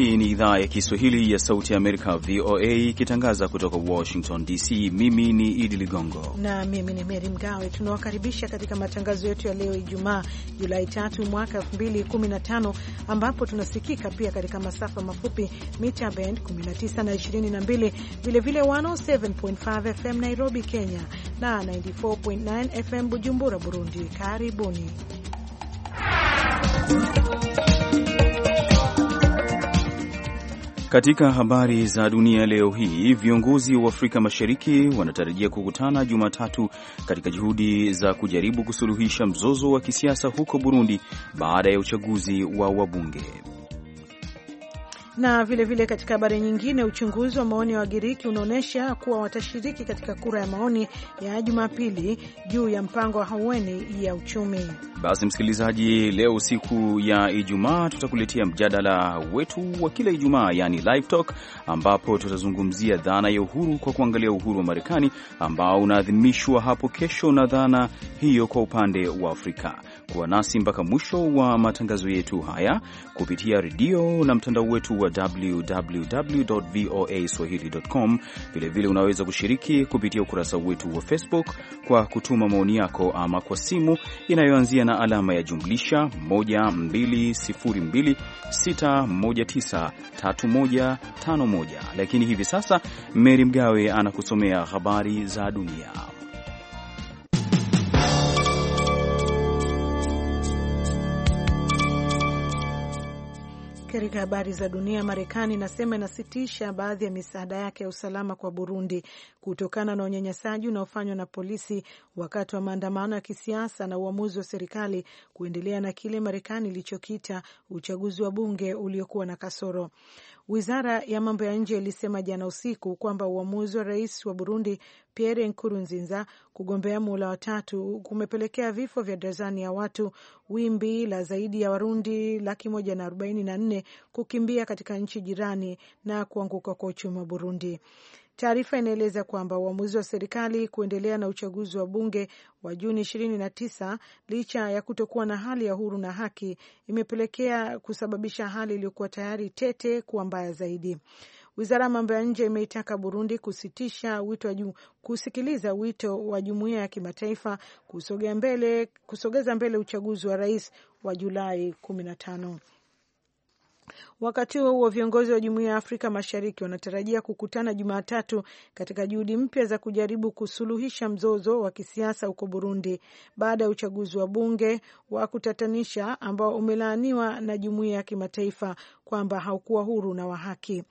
Hii ni idhaa ya Kiswahili ya Sauti ya Amerika, VOA, ikitangaza kutoka Washington DC. Mimi ni Idi Ligongo na mimi ni Meri Mgawe. Tunawakaribisha katika matangazo yetu ya leo Ijumaa, Julai 3 mwaka 2015, ambapo tunasikika pia katika masafa mafupi mita bend 19 na 22, vilevile 107.5 FM Nairobi, Kenya na 94.9 FM Bujumbura, Burundi. Karibuni Katika habari za dunia leo hii, viongozi wa Afrika Mashariki wanatarajia kukutana Jumatatu katika juhudi za kujaribu kusuluhisha mzozo wa kisiasa huko Burundi baada ya uchaguzi wa wabunge. Na vilevile vile katika habari nyingine, uchunguzi wa maoni ya wa Wagiriki unaonyesha kuwa watashiriki katika kura ya maoni ya Jumapili juu ya mpango wa haueni ya uchumi. Basi msikilizaji, leo siku ya Ijumaa tutakuletea mjadala wetu wa kila Ijumaa, yani live talk, ambapo tutazungumzia dhana ya uhuru kwa kuangalia uhuru wa Marekani ambao unaadhimishwa hapo kesho na dhana hiyo kwa upande wa Afrika. Kuwa nasi mpaka mwisho wa matangazo yetu haya kupitia redio na mtandao wetu wa www voa swahili.com. Vilevile unaweza kushiriki kupitia ukurasa wetu wa Facebook kwa kutuma maoni yako ama kwa simu inayoanzia na alama ya jumlisha 12026193151. Lakini hivi sasa Meri Mgawe anakusomea habari za dunia. Katika habari za dunia, Marekani inasema inasitisha baadhi ya misaada yake ya usalama kwa Burundi kutokana na unyanyasaji unaofanywa na polisi wakati wa maandamano ya kisiasa na uamuzi wa serikali kuendelea na kile Marekani ilichokita uchaguzi wa bunge uliokuwa na kasoro. Wizara ya mambo ya nje ilisema jana usiku kwamba uamuzi wa rais wa Burundi Pierre Nkurunziza kugombea muhula watatu kumepelekea vifo vya dazani ya watu, wimbi la zaidi ya Warundi laki moja na arobaini na nne kukimbia katika nchi jirani na kuanguka kwa uchumi wa Burundi. Taarifa inaeleza kwamba uamuzi wa serikali kuendelea na uchaguzi wa bunge wa Juni 29 licha ya kutokuwa na hali ya huru na haki imepelekea kusababisha hali iliyokuwa tayari tete kuwa mbaya zaidi. Wizara ya mambo ya nje imeitaka Burundi kusitisha wito wa kusikiliza wito wa jumuiya ya kimataifa kusogea mbele, kusogeza mbele uchaguzi wa rais wa Julai na tano Wakati huo huo, viongozi wa Jumuiya ya Afrika Mashariki wanatarajia kukutana Jumatatu katika juhudi mpya za kujaribu kusuluhisha mzozo wa kisiasa huko Burundi baada ya uchaguzi wa bunge wa kutatanisha ambao umelaaniwa na jumuiya ya kimataifa kwamba haukuwa huru na wa haki.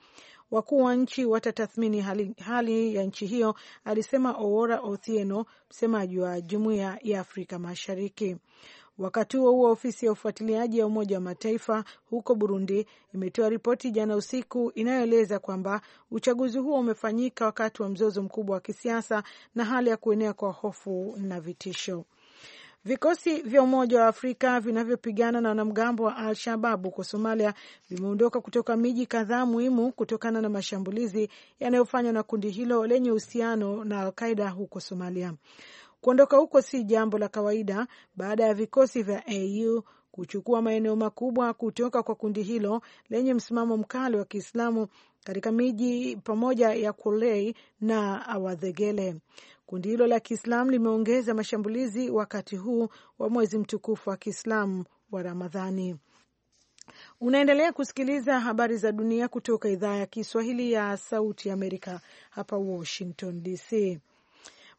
Wakuu wa nchi watatathmini hali, hali ya nchi hiyo, alisema Owora Othieno, msemaji wa Jumuiya ya Afrika Mashariki. Wakati huo huo, ofisi ya ufuatiliaji ya Umoja wa Mataifa huko Burundi imetoa ripoti jana usiku inayoeleza kwamba uchaguzi huo umefanyika wakati wa mzozo mkubwa wa kisiasa na hali ya kuenea kwa hofu na vitisho. Vikosi vya Umoja wa Afrika vinavyopigana na wanamgambo wa Al Shabab huko Somalia vimeondoka kutoka miji kadhaa muhimu kutokana na mashambulizi yanayofanywa na kundi hilo lenye uhusiano na alqaida huko Somalia. Kuondoka huko si jambo la kawaida baada ya vikosi vya AU kuchukua maeneo makubwa kutoka kwa kundi hilo lenye msimamo mkali wa Kiislamu katika miji pamoja ya Kolei na Awadhegele. Kundi hilo la Kiislamu limeongeza mashambulizi wakati huu wa mwezi mtukufu wa Kiislamu wa Ramadhani. Unaendelea kusikiliza habari za dunia kutoka idhaa ya Kiswahili ya Sauti ya Amerika hapa Washington DC.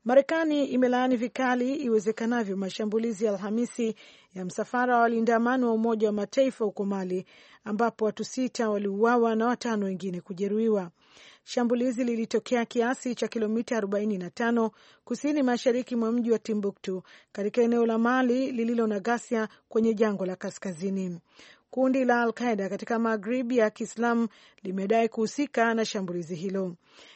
Marekani imelaani vikali iwezekanavyo mashambulizi ya Alhamisi ya msafara wa walinda amani wa Umoja wa Mataifa huko Mali, ambapo watu sita waliuawa na watano wengine kujeruhiwa. Shambulizi lilitokea kiasi cha kilomita 45 kusini mashariki mwa mji wa Timbuktu, katika eneo la Mali lililo na ghasia kwenye jangwa la kaskazini. Kundi la Al Qaida katika Magharibi ya Kiislamu limedai kuhusika na shambulizi hilo.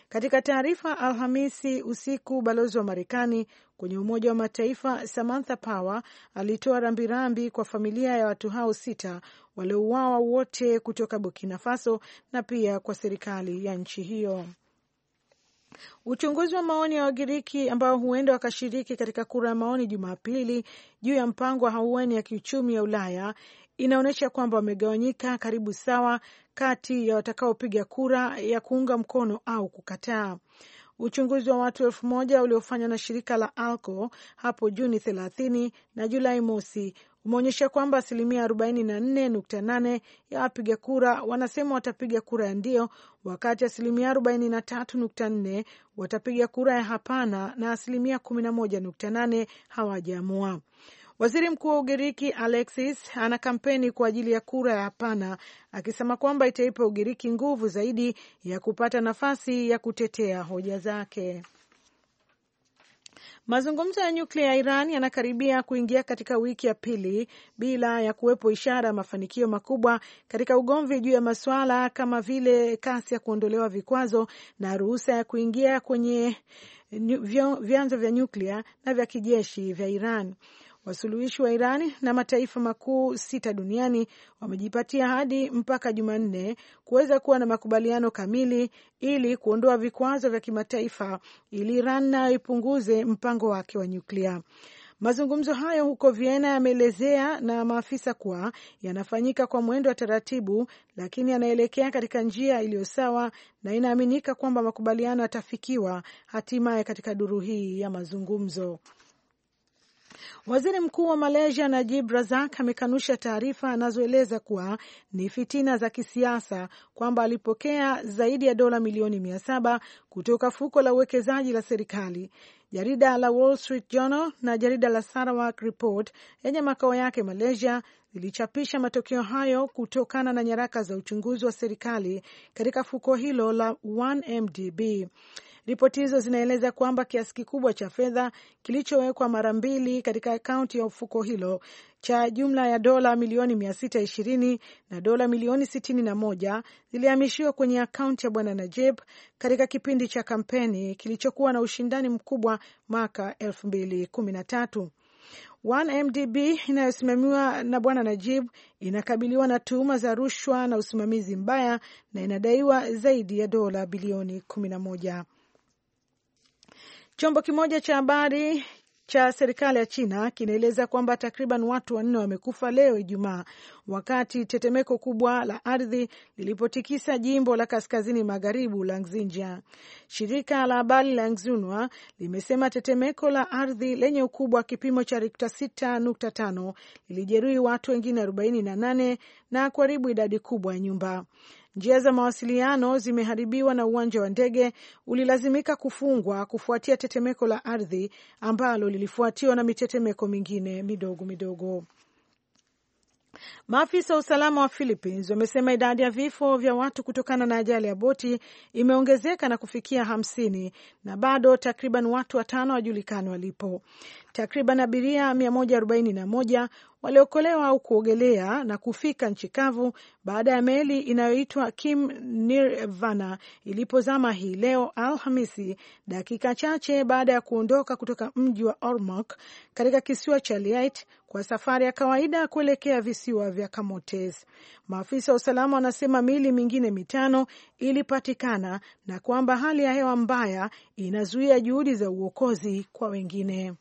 Katika taarifa Alhamisi usiku, balozi wa Marekani kwenye Umoja wa Mataifa Samantha Power alitoa rambirambi kwa familia ya watu hao sita waliouawa wote kutoka Burkina Faso na pia kwa serikali ya nchi hiyo. Uchunguzi wa maoni ya Wagiriki ambao huenda wakashiriki katika kura ya maoni Jumapili juu ya mpango wa haueni ya kiuchumi ya Ulaya inaonyesha kwamba wamegawanyika karibu sawa kati ya watakaopiga kura ya kuunga mkono au kukataa. Uchunguzi wa watu elfu moja uliofanywa na shirika la ALCO hapo Juni 30 na Julai mosi umeonyesha kwamba asilimia 44.8 ya wapiga kura wanasema watapiga kura ya ndio, wakati asilimia 43.4 watapiga kura ya hapana na asilimia 11.8 hawajaamua. Waziri Mkuu wa Ugiriki Alexis ana kampeni kwa ajili ya kura ya hapana, akisema kwamba itaipa Ugiriki nguvu zaidi ya kupata nafasi ya kutetea hoja zake. Mazungumzo ya nyuklia ya Iran yanakaribia kuingia katika wiki ya pili bila ya kuwepo ishara ya mafanikio makubwa katika ugomvi juu ya masuala kama vile kasi ya kuondolewa vikwazo na ruhusa ya kuingia kwenye vyanzo vya nyuklia na vya kijeshi vya Iran. Wasuluhishi wa Irani na mataifa makuu sita duniani wamejipatia hadi mpaka Jumanne kuweza kuwa na makubaliano kamili ili kuondoa vikwazo vya kimataifa ili Iran nayo ipunguze mpango wake wa nyuklia. Mazungumzo hayo huko Vienna yameelezea na maafisa kuwa yanafanyika kwa mwendo wa taratibu, lakini yanaelekea katika njia iliyo sawa na inaaminika kwamba makubaliano yatafikiwa hatimaye katika duru hii ya mazungumzo. Waziri mkuu wa Malaysia Najib Razak amekanusha taarifa anazoeleza kuwa ni fitina za kisiasa kwamba alipokea zaidi ya dola milioni mia saba kutoka fuko la uwekezaji la serikali. Jarida la Wall Street Journal na jarida la Sarawak Report yenye makao yake Malaysia lilichapisha matokeo hayo kutokana na nyaraka za uchunguzi wa serikali katika fuko hilo la 1MDB. Ripoti hizo zinaeleza kwamba kiasi kikubwa cha fedha kilichowekwa mara mbili katika akaunti ya ufuko hilo cha jumla ya dola milioni mia ishirini na dola milioni moja zilihamishiwa kwenye akaunti ya bwana Najib katika kipindi cha kampeni kilichokuwa na ushindani mkubwa mwaka 2013. 1MDB inayosimamiwa na bwana Najib inakabiliwa na tuhuma za rushwa na usimamizi mbaya na inadaiwa zaidi ya dola bilioni moja. Chombo kimoja cha habari cha serikali ya China kinaeleza kwamba takriban watu wanne wamekufa leo Ijumaa wakati tetemeko kubwa la ardhi lilipotikisa jimbo la kaskazini magharibu la Xinjiang. Shirika la habari la Xinhua limesema tetemeko la ardhi lenye ukubwa wa kipimo cha Rikta 6.5 lilijeruhi watu wengine 48 na kuharibu idadi kubwa ya nyumba. Njia za mawasiliano zimeharibiwa na uwanja wa ndege ulilazimika kufungwa kufuatia tetemeko la ardhi ambalo lilifuatiwa na mitetemeko mingine midogo midogo. Maafisa wa usalama wa Philippines wamesema idadi ya vifo vya watu kutokana na ajali ya boti imeongezeka na kufikia hamsini na bado takriban watu watano wajulikani walipo. Takriban abiria 141 waliokolewa au kuogelea na kufika nchi kavu baada ya meli inayoitwa Kim Nirvana ilipozama hii leo Alhamisi, dakika chache baada ya kuondoka kutoka mji wa Ormoc katika kisiwa cha Liait kwa safari ya kawaida kuelekea visiwa vya Kamotes. Maafisa wa usalama wanasema mili mingine mitano ilipatikana na kwamba hali ya hewa mbaya inazuia juhudi za uokozi kwa wengine.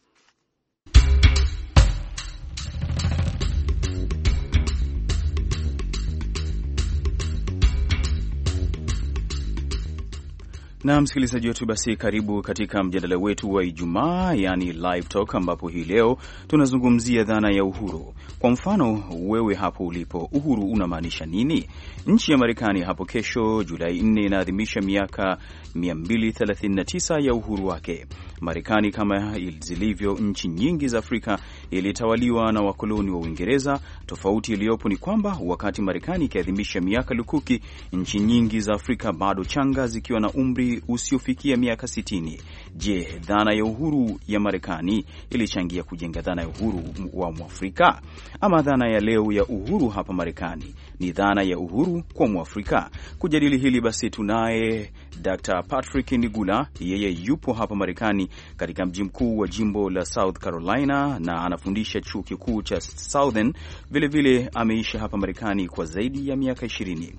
na msikilizaji wetu, basi karibu katika mjadala wetu wa Ijumaa, yani live talk, ambapo hii leo tunazungumzia dhana ya uhuru. Kwa mfano, wewe hapo ulipo, uhuru unamaanisha nini? Nchi ya Marekani hapo kesho, Julai 4, inaadhimisha miaka 239 ya uhuru wake. Marekani kama zilivyo nchi nyingi za Afrika ilitawaliwa na wakoloni wa Uingereza. Tofauti iliyopo ni kwamba wakati Marekani ikiadhimisha miaka lukuki, nchi nyingi za Afrika bado changa zikiwa na umri usiofikia miaka 60. Je, dhana ya uhuru ya Marekani ilichangia kujenga dhana ya uhuru wa Mwafrika? Ama dhana ya leo ya uhuru hapa Marekani ni dhana ya uhuru kwa Mwafrika? Kujadili hili basi tunaye Dr. Patrick Nigula, yeye yupo hapa Marekani katika mji mkuu wa jimbo la South Carolina na anafundisha chuo kikuu cha Southern. Vilevile ameishi hapa Marekani kwa zaidi ya miaka ishirini.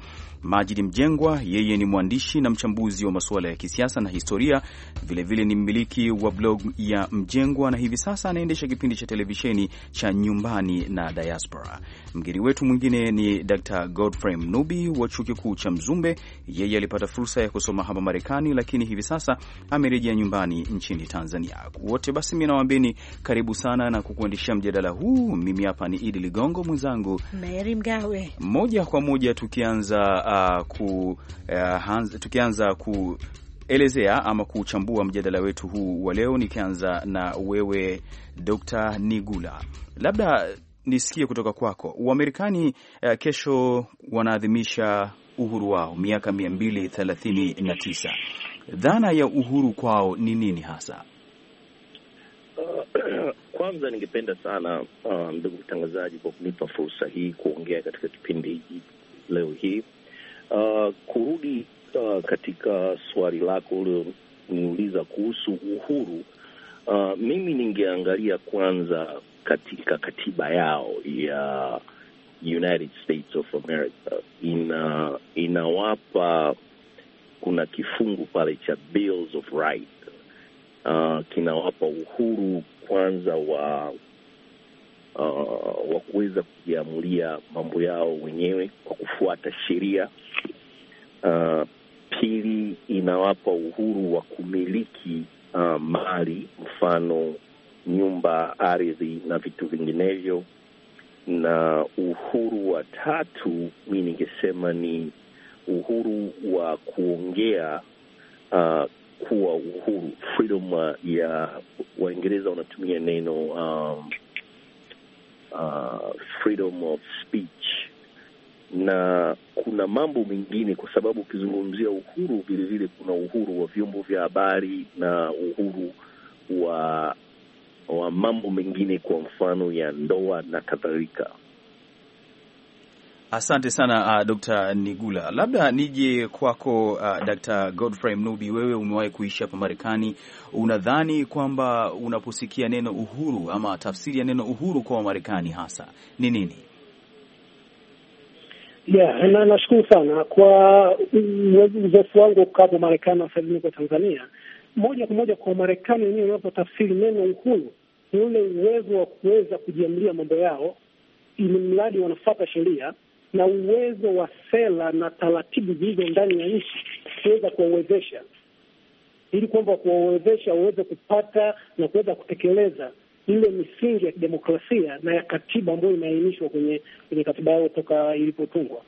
Majid Mjengwa, yeye ni mwandishi na mchambuzi wa masuala ya kisiasa na historia, vilevile vile ni mmiliki wa blog ya Mjengwa na hivi sasa anaendesha kipindi cha televisheni cha Nyumbani na Diaspora. Mgeni wetu mwingine ni Dr Godfrey Mnubi wa chuo kikuu cha Mzumbe. Yeye alipata fursa ya kusoma hapa Marekani, lakini hivi sasa amerejea nyumbani nchini Tanzania. Wote basi, mi nawaambeni karibu sana na kukuendeshea mjadala huu. Mimi hapa ni Idi Ligongo, mwenzangu Mgawe, moja kwa moja tukianza uh, ku, uh, tukianza ku elezea ama kuchambua mjadala wetu huu wa leo, nikianza na wewe Dr. Nigula, labda nisikie kutoka kwako. Wamarekani uh, kesho wanaadhimisha uhuru wao miaka mia Dhana ya uhuru kwao ni nini hasa? Uh, kwanza ningependa sana uh, ndugu uh, mtangazaji kwa kunipa fursa hii kuongea katika kipindi hiki leo hii Uh, kurudi uh, katika swali lako ulioniuliza kuhusu uhuru uh, mimi ningeangalia kwanza katika katiba yao ya United States of America ina inawapa kuna kifungu pale cha Bills of Right uh, kinawapa uhuru kwanza wa uh, wa kuweza kujiamulia mambo yao wenyewe kwa kufuata sheria. Uh, pili, inawapa uhuru wa kumiliki uh, mali, mfano nyumba, ardhi na vitu vinginevyo. Na uhuru wa tatu, mi ningesema ni uhuru wa kuongea uh, kuwa uhuru freedom ya Waingereza wanatumia neno um, Uh, freedom of speech na kuna mambo mengine, kwa sababu ukizungumzia uhuru vilevile kuna uhuru wa vyombo vya habari na uhuru wa wa mambo mengine, kwa mfano ya ndoa na kadhalika. Asante sana uh, Dr. Nigula, labda nije kwako uh, Dr. Godfrey Mnubi, wewe umewahi kuishi hapa Marekani, unadhani kwamba unaposikia neno uhuru ama tafsiri ya neno uhuru kwa Wamarekani hasa ni nini? Yeah, na nashukuru sana kwa uzoefu wangu kama Marekani na kwa Tanzania, moja kwa moja kwa Marekani wenyewe unapotafsiri neno uhuru ni ule uwezo wa kuweza kujiamulia mambo yao, ili mradi wanafuata sheria na uwezo wa sera na taratibu zilizo ndani ya nchi kuweza kuwawezesha, ili kwamba kuwawezesha waweze kupata na kuweza kutekeleza ile misingi ya kidemokrasia na ya katiba ambayo imeainishwa kwenye kwenye katiba yao toka ilipotungwa.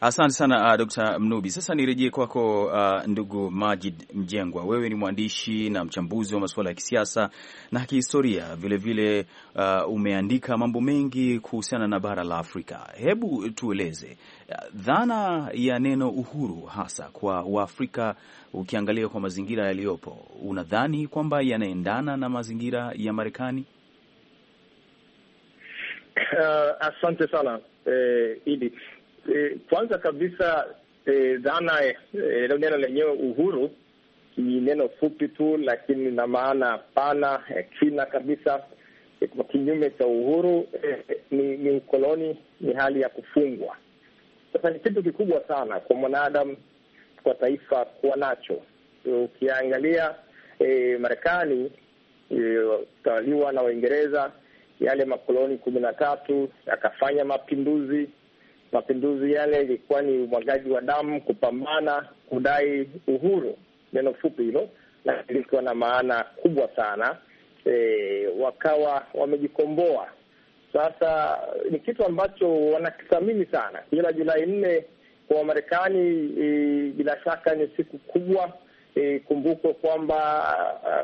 Asante sana uh, Dr. Mnubi. Sasa nirejee kwako uh, ndugu Majid Mjengwa, wewe ni mwandishi na mchambuzi wa masuala ya kisiasa na kihistoria vilevile. Uh, umeandika mambo mengi kuhusiana na bara la Afrika. Hebu tueleze uh, dhana ya neno uhuru hasa kwa Waafrika, ukiangalia kwa mazingira yaliyopo, unadhani kwamba yanaendana na mazingira ya Marekani? Uh, asante sana eh, Idi eh, kwanza kabisa eh, dhana eh, neno lenyewe uhuru ni neno fupi tu, lakini na maana pana ya eh, kina kabisa. Eh, kwa kinyume cha uhuru eh, ni, ni ukoloni, ni hali ya kufungwa. Sasa ni kitu kikubwa sana kwa mwanadamu, kwa taifa kuwa nacho. Ukiangalia eh, Marekani iliyotawaliwa na Waingereza, yale makoloni kumi na tatu yakafanya mapinduzi Mapinduzi yale ilikuwa ni umwagaji wa damu, kupambana kudai uhuru. Neno fupi hilo, na ilikuwa na maana kubwa sana. E, wakawa wamejikomboa. Sasa ni kitu ambacho wanakithamini sana, ila Julai nne kwa Wamarekani e, bila shaka ni siku kubwa. E, kumbukwa kwamba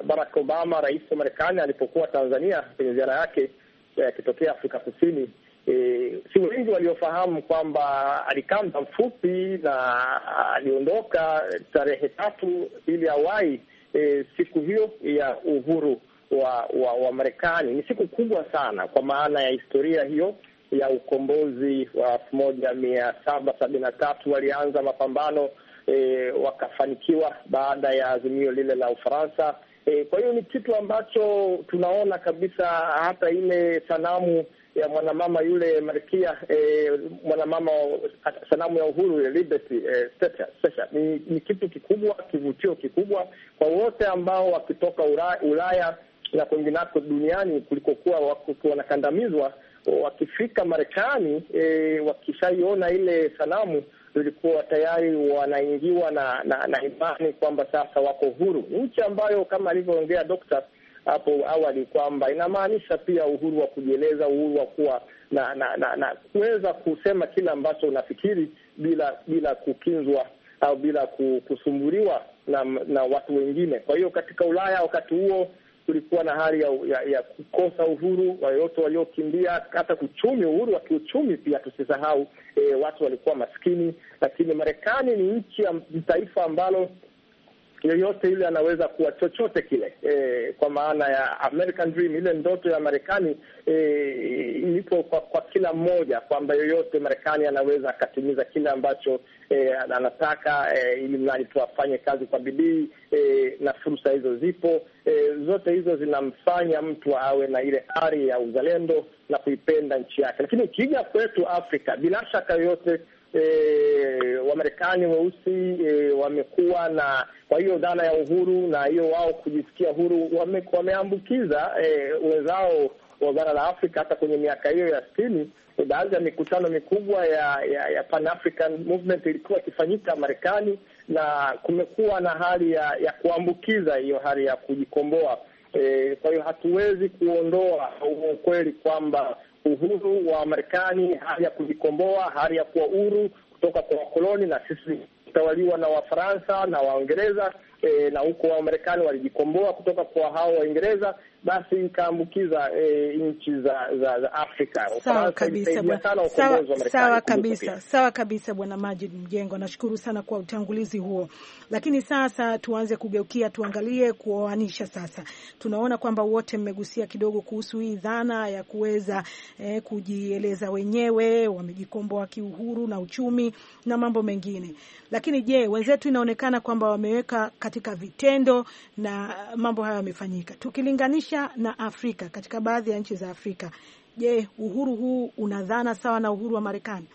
Barack Obama, rais wa Marekani, alipokuwa Tanzania kwenye ziara yake e, akitokea Afrika Kusini, E, si wengi waliofahamu kwamba alikaa muda mfupi na aliondoka tarehe tatu ili awai e, siku hiyo ya uhuru wa wa, wa Marekani. Ni siku kubwa sana kwa maana ya historia hiyo ya ukombozi wa elfu moja mia saba sabini na tatu walianza mapambano e, wakafanikiwa baada ya azimio lile la Ufaransa. E, kwa hiyo ni kitu ambacho tunaona kabisa hata ile sanamu ya mwanamama yule malkia eh, mwanamama sanamu ya uhuru ya Liberty eh, statue, Ni, ni kitu kikubwa, kivutio kikubwa kwa wote ambao wakitoka Ulaya, Ulaya na kwingineko duniani kulikokuwa wanakandamizwa wakifika Marekani eh, wakishaiona ile sanamu ilikuwa tayari wanaingiwa na na, na imani kwamba sasa wako huru. Nchi ambayo kama alivyoongea daktari hapo awali kwamba inamaanisha pia uhuru wa kujieleza, uhuru wa kuwa na na, na, na kuweza kusema kile ambacho unafikiri bila bila kukinzwa au bila kusumbuliwa na, na watu wengine. Kwa hiyo katika Ulaya wakati huo kulikuwa na hali ya, ya, ya kukosa uhuru, wayote waliokimbia hata kuchumi, uhuru wa kiuchumi pia tusisahau. E, watu walikuwa maskini, lakini Marekani ni nchi ya taifa ambalo yoyote ile anaweza kuwa chochote kile e, kwa maana ya American Dream, ile ndoto ya Marekani e, ipo kwa, kwa kila mmoja kwamba yoyote Marekani anaweza akatimiza kile ambacho e, anataka e, ili mradi tu afanye kazi kwa bidii e, na fursa hizo zipo e, zote hizo zinamfanya mtu awe na ile ari ya uzalendo na kuipenda nchi yake, lakini ukija kwetu Afrika bila shaka yoyote e, Wamarekani weusi e, wamekuwa na kwa hiyo dhana ya uhuru na hiyo wao kujisikia huru wame, wameambukiza e, wenzao wa bara la Afrika. Hata kwenye miaka hiyo ya sitini, baadhi ya mikutano mikubwa ya, ya, ya Pan African Movement ilikuwa ikifanyika Marekani, na kumekuwa na hali ya, ya kuambukiza hiyo hali ya kujikomboa. E, kwa hiyo hatuwezi kuondoa ukweli kwamba uhuru wa Marekani, hali ya kujikomboa, hali ya kuwa huru kutoka kwa wakoloni, na sisi tawaliwa na Wafaransa na Waingereza. E, na huko Wamarekani walijikomboa kutoka kwa hao Waingereza basi ikaambukiza e, nchi za, za, za Afrika. Sawa kabisa, sawa kabisa, sawa kabisa Bwana Majid Mjengo, nashukuru sana kwa utangulizi huo, lakini sasa tuanze kugeukia, tuangalie kuoanisha. Sasa tunaona kwamba wote mmegusia kidogo kuhusu hii dhana ya kuweza eh, kujieleza wenyewe, wamejikomboa kiuhuru na uchumi na mambo mengine, lakini je, wenzetu inaonekana kwamba wameweka katika vitendo na mambo hayo yamefanyika, tukilinganisha Asia na Afrika, katika baadhi ya nchi za Afrika. Je, uhuru huu unadhana sawa na uhuru wa Marekani?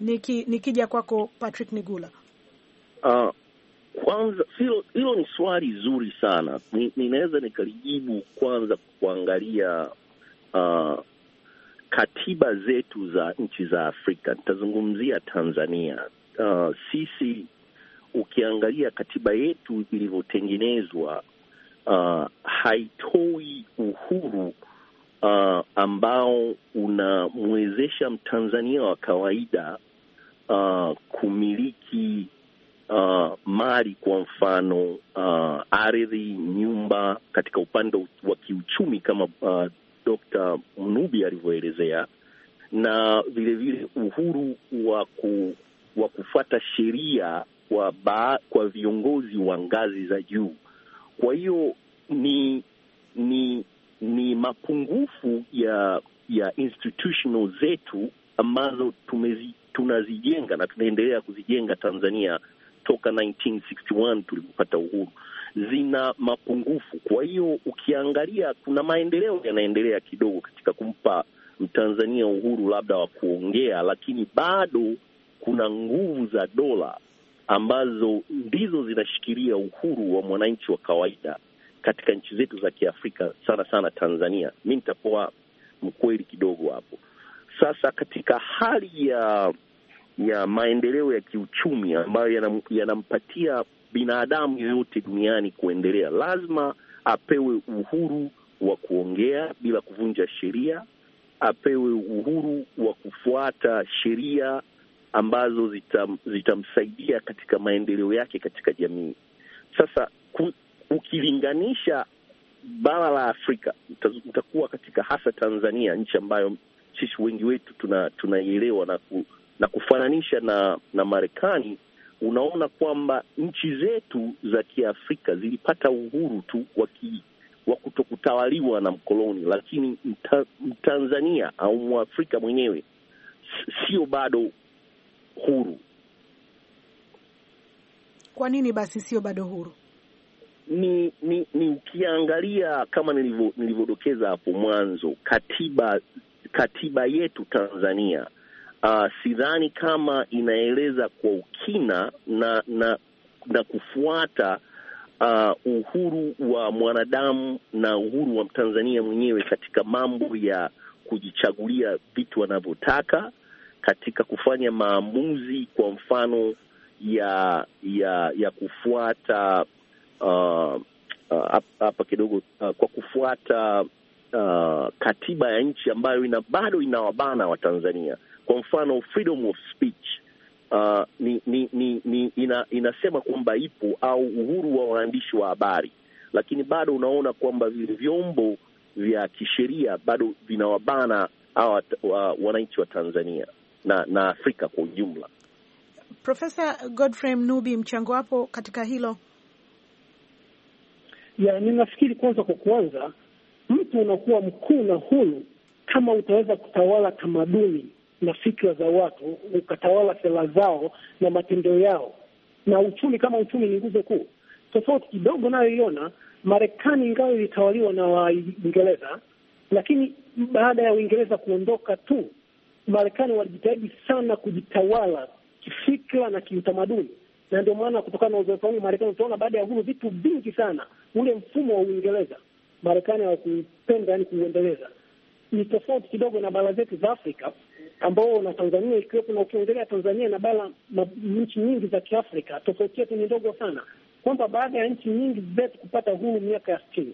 Niki, nikija kwako Patrick Nigula. Uh, kwanza hilo ni swali zuri sana, ninaweza nikalijibu kwanza kuangalia uh, katiba zetu za nchi za Afrika. Nitazungumzia Tanzania. Uh, sisi ukiangalia katiba yetu ilivyotengenezwa uh, haitoi uhuru uh, ambao unamwezesha Mtanzania wa kawaida uh, kumiliki uh, mali kwa mfano uh, ardhi, nyumba, katika upande wa kiuchumi kama uh, Dr. Mnubi alivyoelezea na vilevile vile uhuru wa ku, wa kufuata sheria kwa, kwa viongozi wa ngazi za juu kwa hiyo ni ni ni mapungufu ya ya institutional zetu ambazo tumezi, tunazijenga na tunaendelea kuzijenga Tanzania toka 1961 tulipopata uhuru zina mapungufu. Kwa hiyo ukiangalia, kuna maendeleo yanaendelea kidogo katika kumpa Mtanzania uhuru labda wa kuongea, lakini bado kuna nguvu za dola ambazo ndizo zinashikilia uhuru wa mwananchi wa kawaida katika nchi zetu za Kiafrika, sana sana Tanzania. Mi nitakuwa mkweli kidogo hapo. Sasa katika hali ya ya maendeleo ya kiuchumi ambayo yanam, yanampatia binadamu yoyote duniani kuendelea, lazima apewe uhuru wa kuongea bila kuvunja sheria, apewe uhuru wa kufuata sheria ambazo zitamsaidia zitamsaidia katika maendeleo yake katika jamii. Sasa ku, ukilinganisha bara la Afrika utakuwa katika hasa Tanzania, nchi ambayo sisi wengi wetu tunaielewa tuna na, ku, na kufananisha na, na Marekani, unaona kwamba nchi zetu za Kiafrika zilipata uhuru tu wa wa kutokutawaliwa na mkoloni, lakini Mtanzania au Mwafrika mwenyewe sio bado huru. Kwa nini basi sio bado huru? Ni ni, ni ukiangalia kama nilivyodokeza hapo mwanzo, katiba katiba yetu Tanzania uh, sidhani kama inaeleza kwa ukina na na, na kufuata uh, uhuru wa mwanadamu na uhuru wa Mtanzania mwenyewe katika mambo ya kujichagulia vitu wanavyotaka katika kufanya maamuzi, kwa mfano ya ya ya kufuata uh, uh hapa kidogo uh, kwa kufuata uh, katiba ya nchi ambayo ina bado inawabana Watanzania. Kwa mfano freedom of speech uh, ni, ni, ni, ni, ina, inasema kwamba ipo au uhuru wa waandishi wa habari, lakini bado unaona kwamba vile vyombo vya kisheria bado vinawabana hawa wananchi wa Tanzania na, na Afrika kwa ujumla. Profesa Godfrey Mnubi, mchango wapo katika hilo? Ya, ninafikiri kwanza, kwa kuanza, mtu unakuwa mkuu na huru kama utaweza kutawala tamaduni na fikra za watu, ukatawala sera zao na matendo yao, na uchumi kama uchumi ni nguzo kuu. Tofauti kidogo nayoiona Marekani, ingawa ilitawaliwa na Waingereza, lakini baada ya Uingereza kuondoka tu Marekani walijitahidi sana kujitawala kifikra na kiutamaduni, na ndio maana kutokana na uzoefu wangu Marekani utaona baada ya uhuru vitu vingi sana, ule mfumo wa Uingereza Marekani hawakupenda yani kuuendeleza. Ni tofauti kidogo na bara zetu za Afrika ambao na Tanzania ikiwepo, na ukiongelea Tanzania na bara nchi nyingi za Kiafrika, tofauti yetu ni ndogo sana, kwamba baada ya nchi nyingi zetu kupata uhuru miaka ya sitini,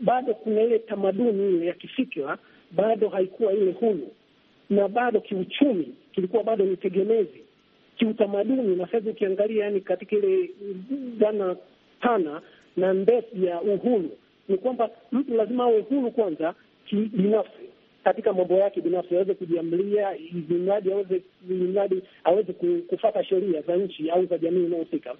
bado kuna ile tamaduni ile ya kifikira bado haikuwa ile huru na bado kiuchumi kilikuwa bado ni tegemezi, kiutamaduni. Na sasa ukiangalia, yani katika ile mm, dhana pana na ndefu ya uhuru ni kwamba mtu lazima awe huru kwanza kibinafsi katika mambo yake binafsi, aweze kujiamlia mradi aweze mradi aweze kufata sheria za nchi au za jamii inayohusika.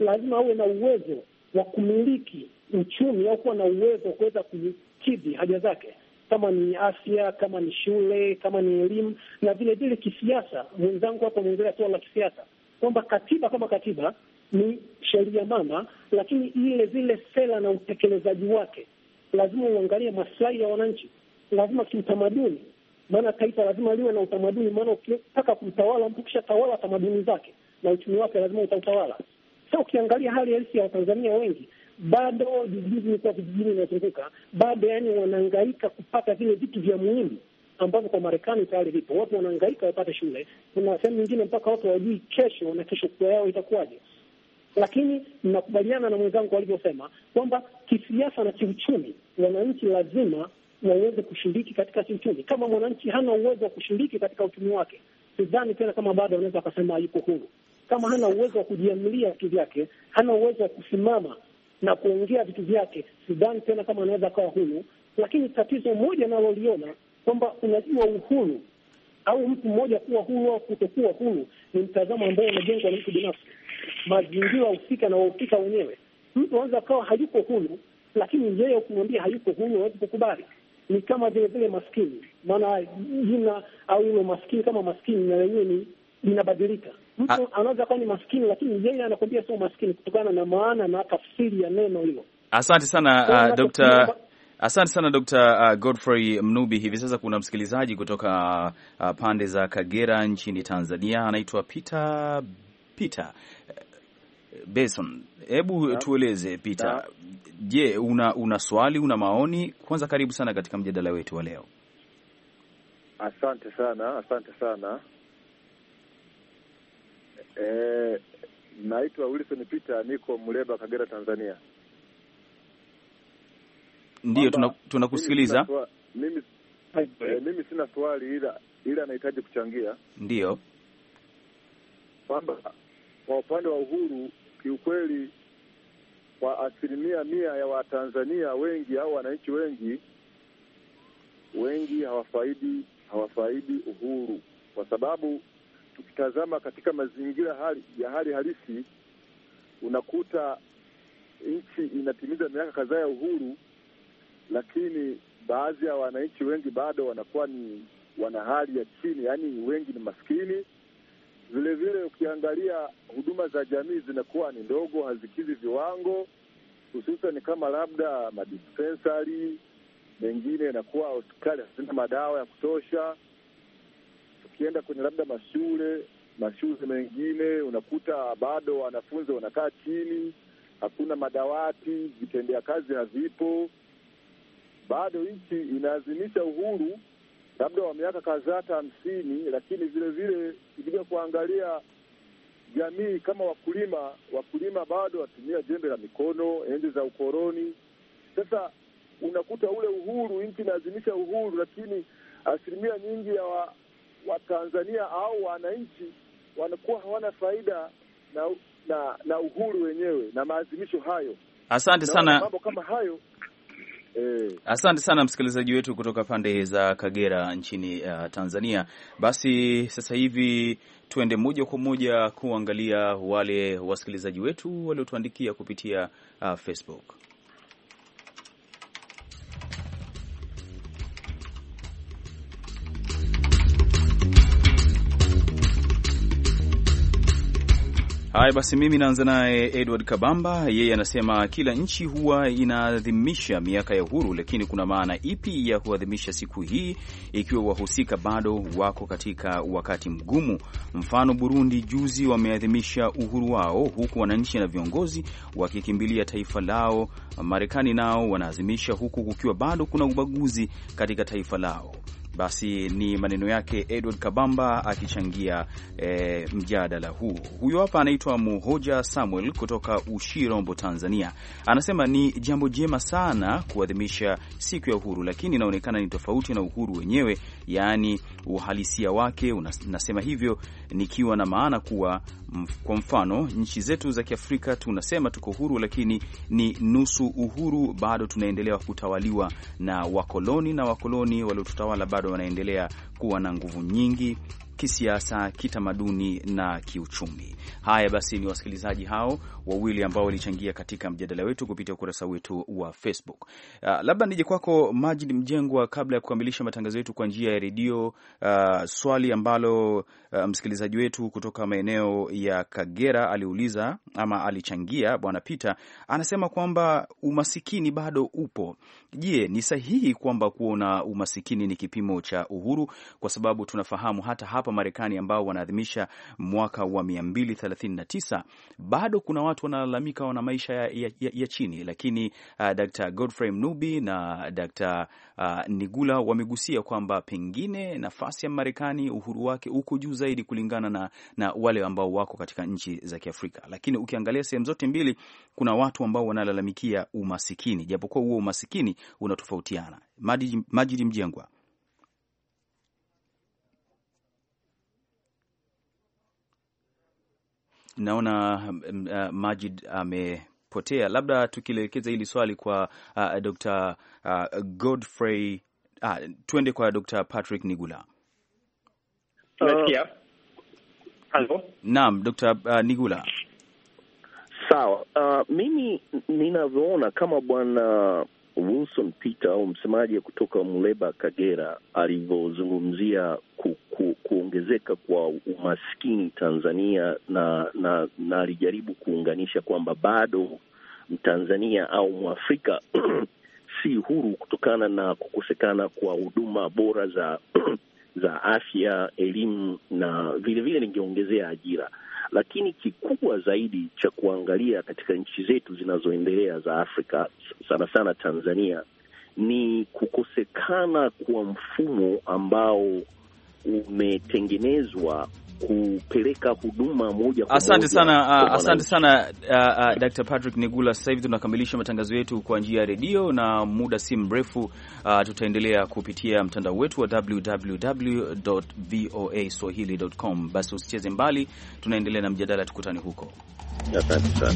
Lazima awe na uwezo wa kumiliki uchumi au kuwa na uwezo wa kuweza kukidhi haja zake kama ni afya, kama ni shule, kama ni elimu, na vilevile kisiasa. Mwenzangu hapo ameongelea suala la kisiasa kwamba katiba kama katiba ni sheria mama, lakini ile zile sera na utekelezaji wake lazima uangalie maslahi ya wananchi, lazima kiutamaduni, maana taifa lazima liwe na utamaduni, maana ukitaka kumtawala mtu ukishatawala tamaduni zake na uchumi wake lazima utautawala. Sa ukiangalia hali halisi ya Watanzania wengi bado vijiji kwa vijijini inazunguka bado, yani wanaangaika kupata vile vitu vya muhimu ambavyo kwa Marekani tayari vipo. Watu wanaangaika wapate shule, kuna sehemu nyingine mpaka watu wajui kesho na kesho kuwa yao itakuwaje. Lakini nakubaliana na mwenzangu alivyosema kwamba kisiasa na kiuchumi, wananchi lazima waweze kushiriki katika kiuchumi. Kama mwananchi hana uwezo wa kushiriki katika uchumi wake, sidhani tena kama bado anaweza akasema yuko huru. Kama hana uwezo wa kujiamulia vitu vyake, hana uwezo wa kusimama na kuongea vitu vyake. Sidhani tena kama anaweza akawa huru, lakini tatizo moja naloliona kwamba unajua, uhuru au mtu mmoja kuwa huru au kutokuwa huru ni mtazamo ambao unajengwa na mtu binafsi, mazingira husika na wahusika wenyewe. Mtu anaweza akawa hayuko huru, lakini yeye ukimwambia hayuko huru hawezi kukubali. Ni kama vile vile maskini, maana jina au ilo maskini kama maskini na lenyewe ni mtu anaweza kuwa ni maskini, lakini yeye anakwambia sio maskini kutokana na maana na tafsiri ya neno hilo. Asante sana uh, Dr. Asante sana Dr. Uh, Godfrey Mnubi. Hivi sasa kuna msikilizaji kutoka uh, pande za Kagera nchini Tanzania, anaitwa Peter Peter uh, Beson. Hebu tueleze Peter, je, una una swali, una maoni? Kwanza karibu sana katika mjadala wetu wa leo. Asante sana, asante sana. Eh, naitwa Wilson Peter, niko Muleba, Kagera, Tanzania. Ndiyo, tunakusikiliza. Tuna mimi, e, mimi sina swali ila ila anahitaji kuchangia. Ndiyo, kwamba kwa upande wa uhuru kiukweli, kwa asilimia mia ya Watanzania wengi au wananchi wengi wengi hawafaidi hawafaidi uhuru kwa sababu tukitazama katika mazingira hali, ya hali halisi unakuta nchi inatimiza miaka kadhaa ya uhuru, lakini baadhi ya wananchi wengi bado wanakuwa ni wana hali ya chini, yaani wengi ni maskini. Vilevile ukiangalia huduma za jamii zinakuwa ni ndogo, hazikizi viwango, hususan kama labda madispensari mengine, inakuwa hospitali hazina madawa ya kutosha ukienda kwenye labda mashule mashule mengine unakuta bado wanafunzi wanakaa chini, hakuna madawati, vitendea kazi havipo. Bado nchi inaazimisha uhuru labda wa miaka kadhaa hata hamsini, lakini vilevile ikija kuangalia jamii kama wakulima, wakulima bado watumia jembe la mikono enzi za ukoloni. Sasa unakuta ule uhuru, nchi inaazimisha uhuru, lakini asilimia nyingi ya wa, Watanzania au wananchi wanakuwa hawana faida na, na na uhuru wenyewe na maadhimisho hayo. Asante sana, mambo kama hayo eh. Asante sana msikilizaji wetu kutoka pande za Kagera nchini uh, Tanzania. Basi sasa hivi tuende moja kwa moja kuangalia wale wasikilizaji wetu waliotuandikia kupitia uh, Facebook. Haya basi, mimi naanza naye Edward Kabamba. Yeye anasema kila nchi huwa inaadhimisha miaka ya uhuru, lakini kuna maana ipi ya kuadhimisha siku hii ikiwa wahusika bado wako katika wakati mgumu? Mfano, Burundi juzi wameadhimisha uhuru wao, huku wananchi na viongozi wakikimbilia taifa lao. Marekani nao wanaadhimisha huku kukiwa bado kuna ubaguzi katika taifa lao. Basi ni maneno yake Edward Kabamba akichangia e, mjadala huu. Huyo hapa anaitwa Muhoja Samuel kutoka Ushirombo, Tanzania, anasema ni jambo jema sana kuadhimisha siku ya uhuru, lakini inaonekana ni tofauti na uhuru wenyewe, yaani uhalisia wake. Nasema hivyo nikiwa na maana kuwa kwa mfano nchi zetu za Kiafrika tunasema tuko huru, lakini ni nusu uhuru, bado tunaendelea kutawaliwa na wakoloni, na wakoloni waliotutawala bado wanaendelea kuwa na nguvu nyingi kisiasa, kitamaduni na kiuchumi. Haya basi, ni wasikilizaji hao wawili ambao walichangia katika mjadala wetu kupitia ukurasa wetu wa Facebook. Uh, labda nije kwako Majid Mjengwa kabla ya kukamilisha matangazo yetu kwa njia ya redio. Uh, swali ambalo uh, msikilizaji wetu kutoka maeneo ya Kagera aliuliza ama alichangia. Bwana Peter anasema kwamba umasikini bado upo. Je, ni sahihi kwamba kuona umasikini ni kipimo cha uhuru? Kwa sababu tunafahamu hata hapa Marekani ambao wanaadhimisha mwaka wa 239 bado kuna watu wanalalamika wana maisha ya, ya, ya chini, lakini uh, Dr. Godfrey Mnubi na Dr uh, Nigula wamegusia kwamba pengine nafasi ya Marekani uhuru wake uko juu zaidi kulingana na, na wale ambao wako katika nchi za Kiafrika, lakini ukiangalia sehemu zote mbili kuna watu ambao wanalalamikia umasikini, japokuwa huo umasikini unatofautiana. Majidi Mjengwa. Naona uh, Majid ame potea, labda tukielekeza hili swali kwa uh, Dr. uh, Godfrey uh, tuende kwa Dr. Patrick Nigula. Uh, naam, Dr. uh, Nigula. Sawa. Uh, mimi ninavyoona kama bwana Wilson Peter au msemaji kutoka Muleba Kagera alivyozungumzia ku, ku, kuongezeka kwa umaskini Tanzania na na na alijaribu kuunganisha kwamba bado Mtanzania au Mwafrika si huru kutokana na kukosekana kwa huduma bora za za afya, elimu na vilevile ningeongezea ajira, lakini kikubwa zaidi cha kuangalia katika nchi zetu zinazoendelea za Afrika, sana sana Tanzania, ni kukosekana kwa mfumo ambao umetengenezwa kupeleka huduma moja kwa asante sana uh, asante sana uh, uh, Dr. Patrick Negula. Sasa hivi tunakamilisha matangazo yetu kwa njia ya redio, na muda si mrefu uh, tutaendelea kupitia mtandao wetu wa www.voaswahili.com. Basi usicheze mbali, tunaendelea na mjadala, tukutane huko. Asante sana.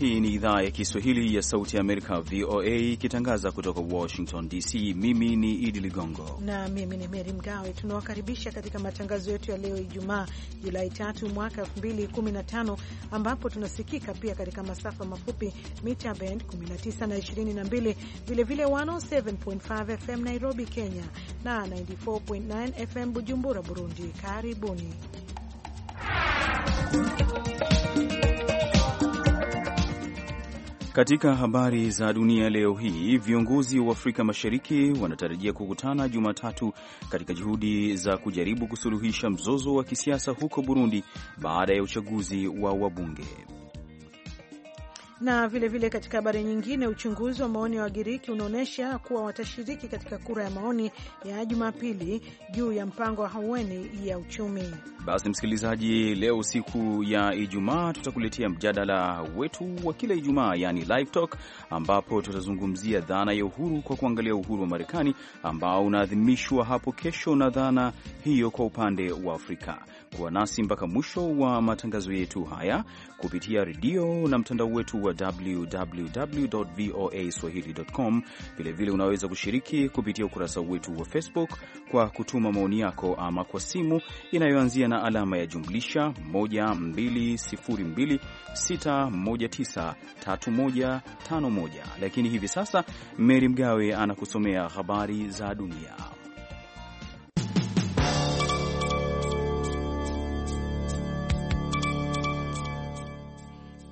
Hii ni idhaa ya Kiswahili ya Sauti ya Amerika, VOA, ikitangaza kutoka Washington DC. Mimi ni Idi Ligongo na mimi ni Meri Mgawe. Tunawakaribisha katika matangazo yetu ya leo Ijumaa, Julai 3 mwaka 2015, ambapo tunasikika pia katika masafa mafupi mita band 19 na 22, vilevile 107.5 FM Nairobi, Kenya na 94.9 FM Bujumbura, Burundi. Karibuni. Katika habari za dunia leo hii, viongozi wa Afrika Mashariki wanatarajia kukutana Jumatatu katika juhudi za kujaribu kusuluhisha mzozo wa kisiasa huko Burundi baada ya uchaguzi wa wabunge. Na vilevile vile katika habari nyingine, uchunguzi wa maoni ya Wagiriki unaonyesha kuwa watashiriki katika kura ya maoni ya Jumapili juu ya mpango wa haueni ya uchumi. Basi msikilizaji, leo siku ya Ijumaa tutakuletea mjadala wetu wa kila Ijumaa, yani live talk ambapo tutazungumzia dhana ya uhuru kwa kuangalia uhuru wa Marekani ambao unaadhimishwa hapo kesho na dhana hiyo kwa upande wa Afrika. Kuwa nasi mpaka mwisho wa matangazo yetu haya kupitia redio na mtandao wetu wa www voa swahili.com. Vilevile unaweza kushiriki kupitia ukurasa wetu wa Facebook kwa kutuma maoni yako ama kwa simu inayoanzia na alama ya jumlisha 12026193151 moja, lakini hivi sasa Meri Mgawe anakusomea habari za dunia.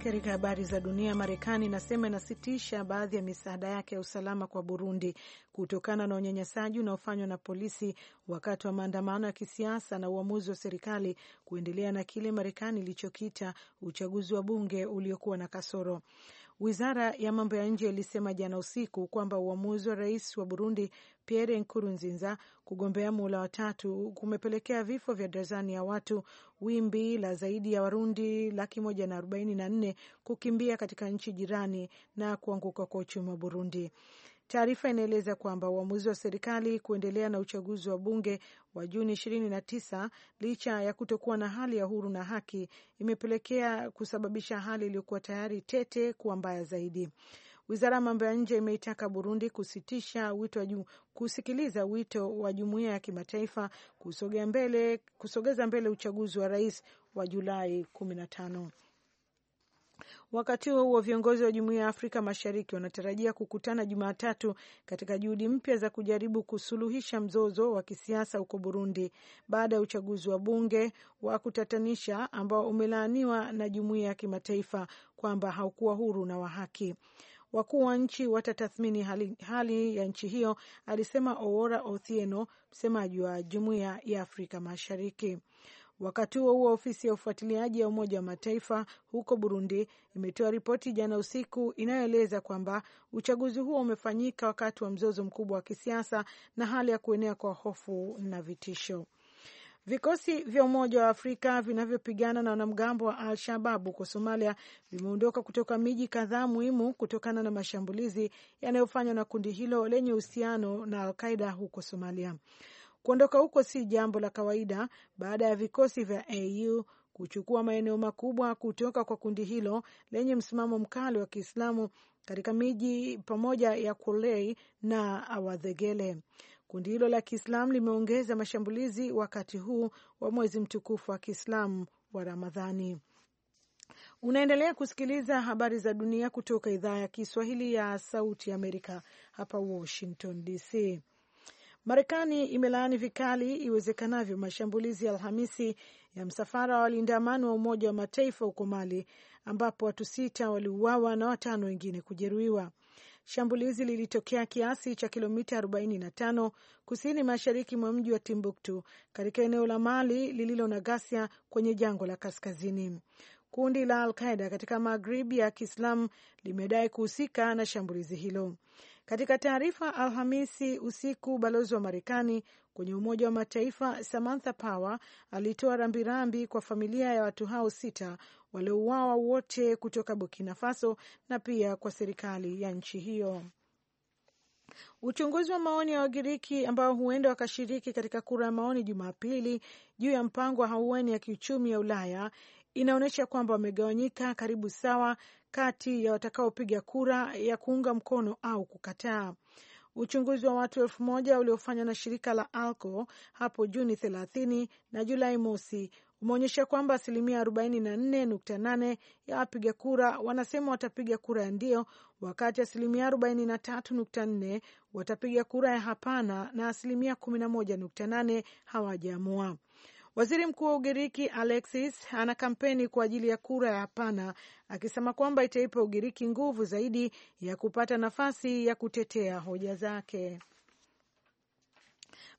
Katika habari za dunia, Marekani inasema inasitisha baadhi ya misaada yake ya usalama kwa Burundi kutokana na unyanyasaji unaofanywa na polisi wakati wa maandamano ya kisiasa na uamuzi wa serikali kuendelea na kile Marekani ilichokita uchaguzi wa bunge uliokuwa na kasoro. Wizara ya mambo ya nje ilisema jana usiku kwamba uamuzi wa rais wa Burundi Pierre Nkurunziza kugombea muhula watatu kumepelekea vifo vya dazani ya watu, wimbi la zaidi ya Warundi laki moja na arobaini na nne kukimbia katika nchi jirani na kuanguka kwa uchumi wa Burundi. Taarifa inaeleza kwamba uamuzi wa serikali kuendelea na uchaguzi wa bunge wa Juni 29 licha ya kutokuwa na hali ya huru na haki imepelekea kusababisha hali iliyokuwa tayari tete kuwa mbaya zaidi. Wizara ya mambo ya nje imeitaka Burundi kusitisha wito wa kusikiliza wito wa jumuiya ya kimataifa kusogea mbele, kusogeza mbele uchaguzi wa rais wa Julai 15. Wakati huo huo, viongozi wa Jumuiya ya Afrika Mashariki wanatarajia kukutana Jumatatu katika juhudi mpya za kujaribu kusuluhisha mzozo wa kisiasa huko Burundi baada ya uchaguzi wa bunge wa kutatanisha ambao umelaaniwa na jumuiya ya kimataifa kwamba haukuwa huru na wa haki. Wakuu wa nchi watatathmini hali, hali ya nchi hiyo, alisema Owora Othieno, msemaji wa Jumuiya ya Afrika Mashariki. Wakati huo huo, ofisi ya ufuatiliaji ya Umoja wa Mataifa huko Burundi imetoa ripoti jana usiku inayoeleza kwamba uchaguzi huo umefanyika wakati wa mzozo mkubwa wa kisiasa na hali ya kuenea kwa hofu na vitisho. Vikosi vya Umoja wa Afrika vinavyopigana na wanamgambo wa Al Shababu huko Somalia vimeondoka kutoka miji kadhaa muhimu kutokana na mashambulizi yanayofanywa na kundi hilo lenye uhusiano na Alqaida huko Somalia. Kuondoka huko si jambo la kawaida baada ya vikosi vya AU kuchukua maeneo makubwa kutoka kwa kundi hilo lenye msimamo mkali wa Kiislamu katika miji pamoja ya Kolei na Awadhegele. Kundi hilo la Kiislamu limeongeza mashambulizi wakati huu wa mwezi mtukufu wa Kiislamu wa Ramadhani. Unaendelea kusikiliza habari za dunia kutoka idhaa ya Kiswahili ya Sauti Amerika hapa Washington DC. Marekani imelaani vikali iwezekanavyo mashambulizi ya Alhamisi ya msafara wa walinda amani wa Umoja wa Mataifa huko Mali, ambapo watu sita waliuawa na watano wengine kujeruhiwa. Shambulizi lilitokea kiasi cha kilomita 45 kusini mashariki mwa mji wa Timbuktu, katika eneo la Mali lililo na ghasia kwenye jangwa la kaskazini. Kundi la Al Qaida katika Magharibi ya Kiislamu limedai kuhusika na shambulizi hilo. Katika taarifa Alhamisi usiku, balozi wa Marekani kwenye Umoja wa Mataifa Samantha Power alitoa rambirambi kwa familia ya watu hao sita waliouawa wote kutoka Burkina Faso na pia kwa serikali ya nchi hiyo. Uchunguzi wa maoni ya Wagiriki ambao huenda wakashiriki katika kura ya maoni Jumapili juu ya mpango wa haueni ya kiuchumi ya Ulaya inaonyesha kwamba wamegawanyika karibu sawa kati ya watakaopiga kura ya kuunga mkono au kukataa. Uchunguzi wa watu elfu moja uliofanywa na shirika la ALCO hapo Juni 30 na Julai mosi umeonyesha kwamba asilimia 44.8 ya wapiga kura wanasema watapiga kura ya ndio, wakati asilimia 43.4 watapiga kura ya hapana na asilimia 11.8 hawajaamua. Waziri Mkuu wa Ugiriki Alexis ana kampeni kwa ajili ya kura ya hapana, akisema kwamba itaipa Ugiriki nguvu zaidi ya kupata nafasi ya kutetea hoja zake.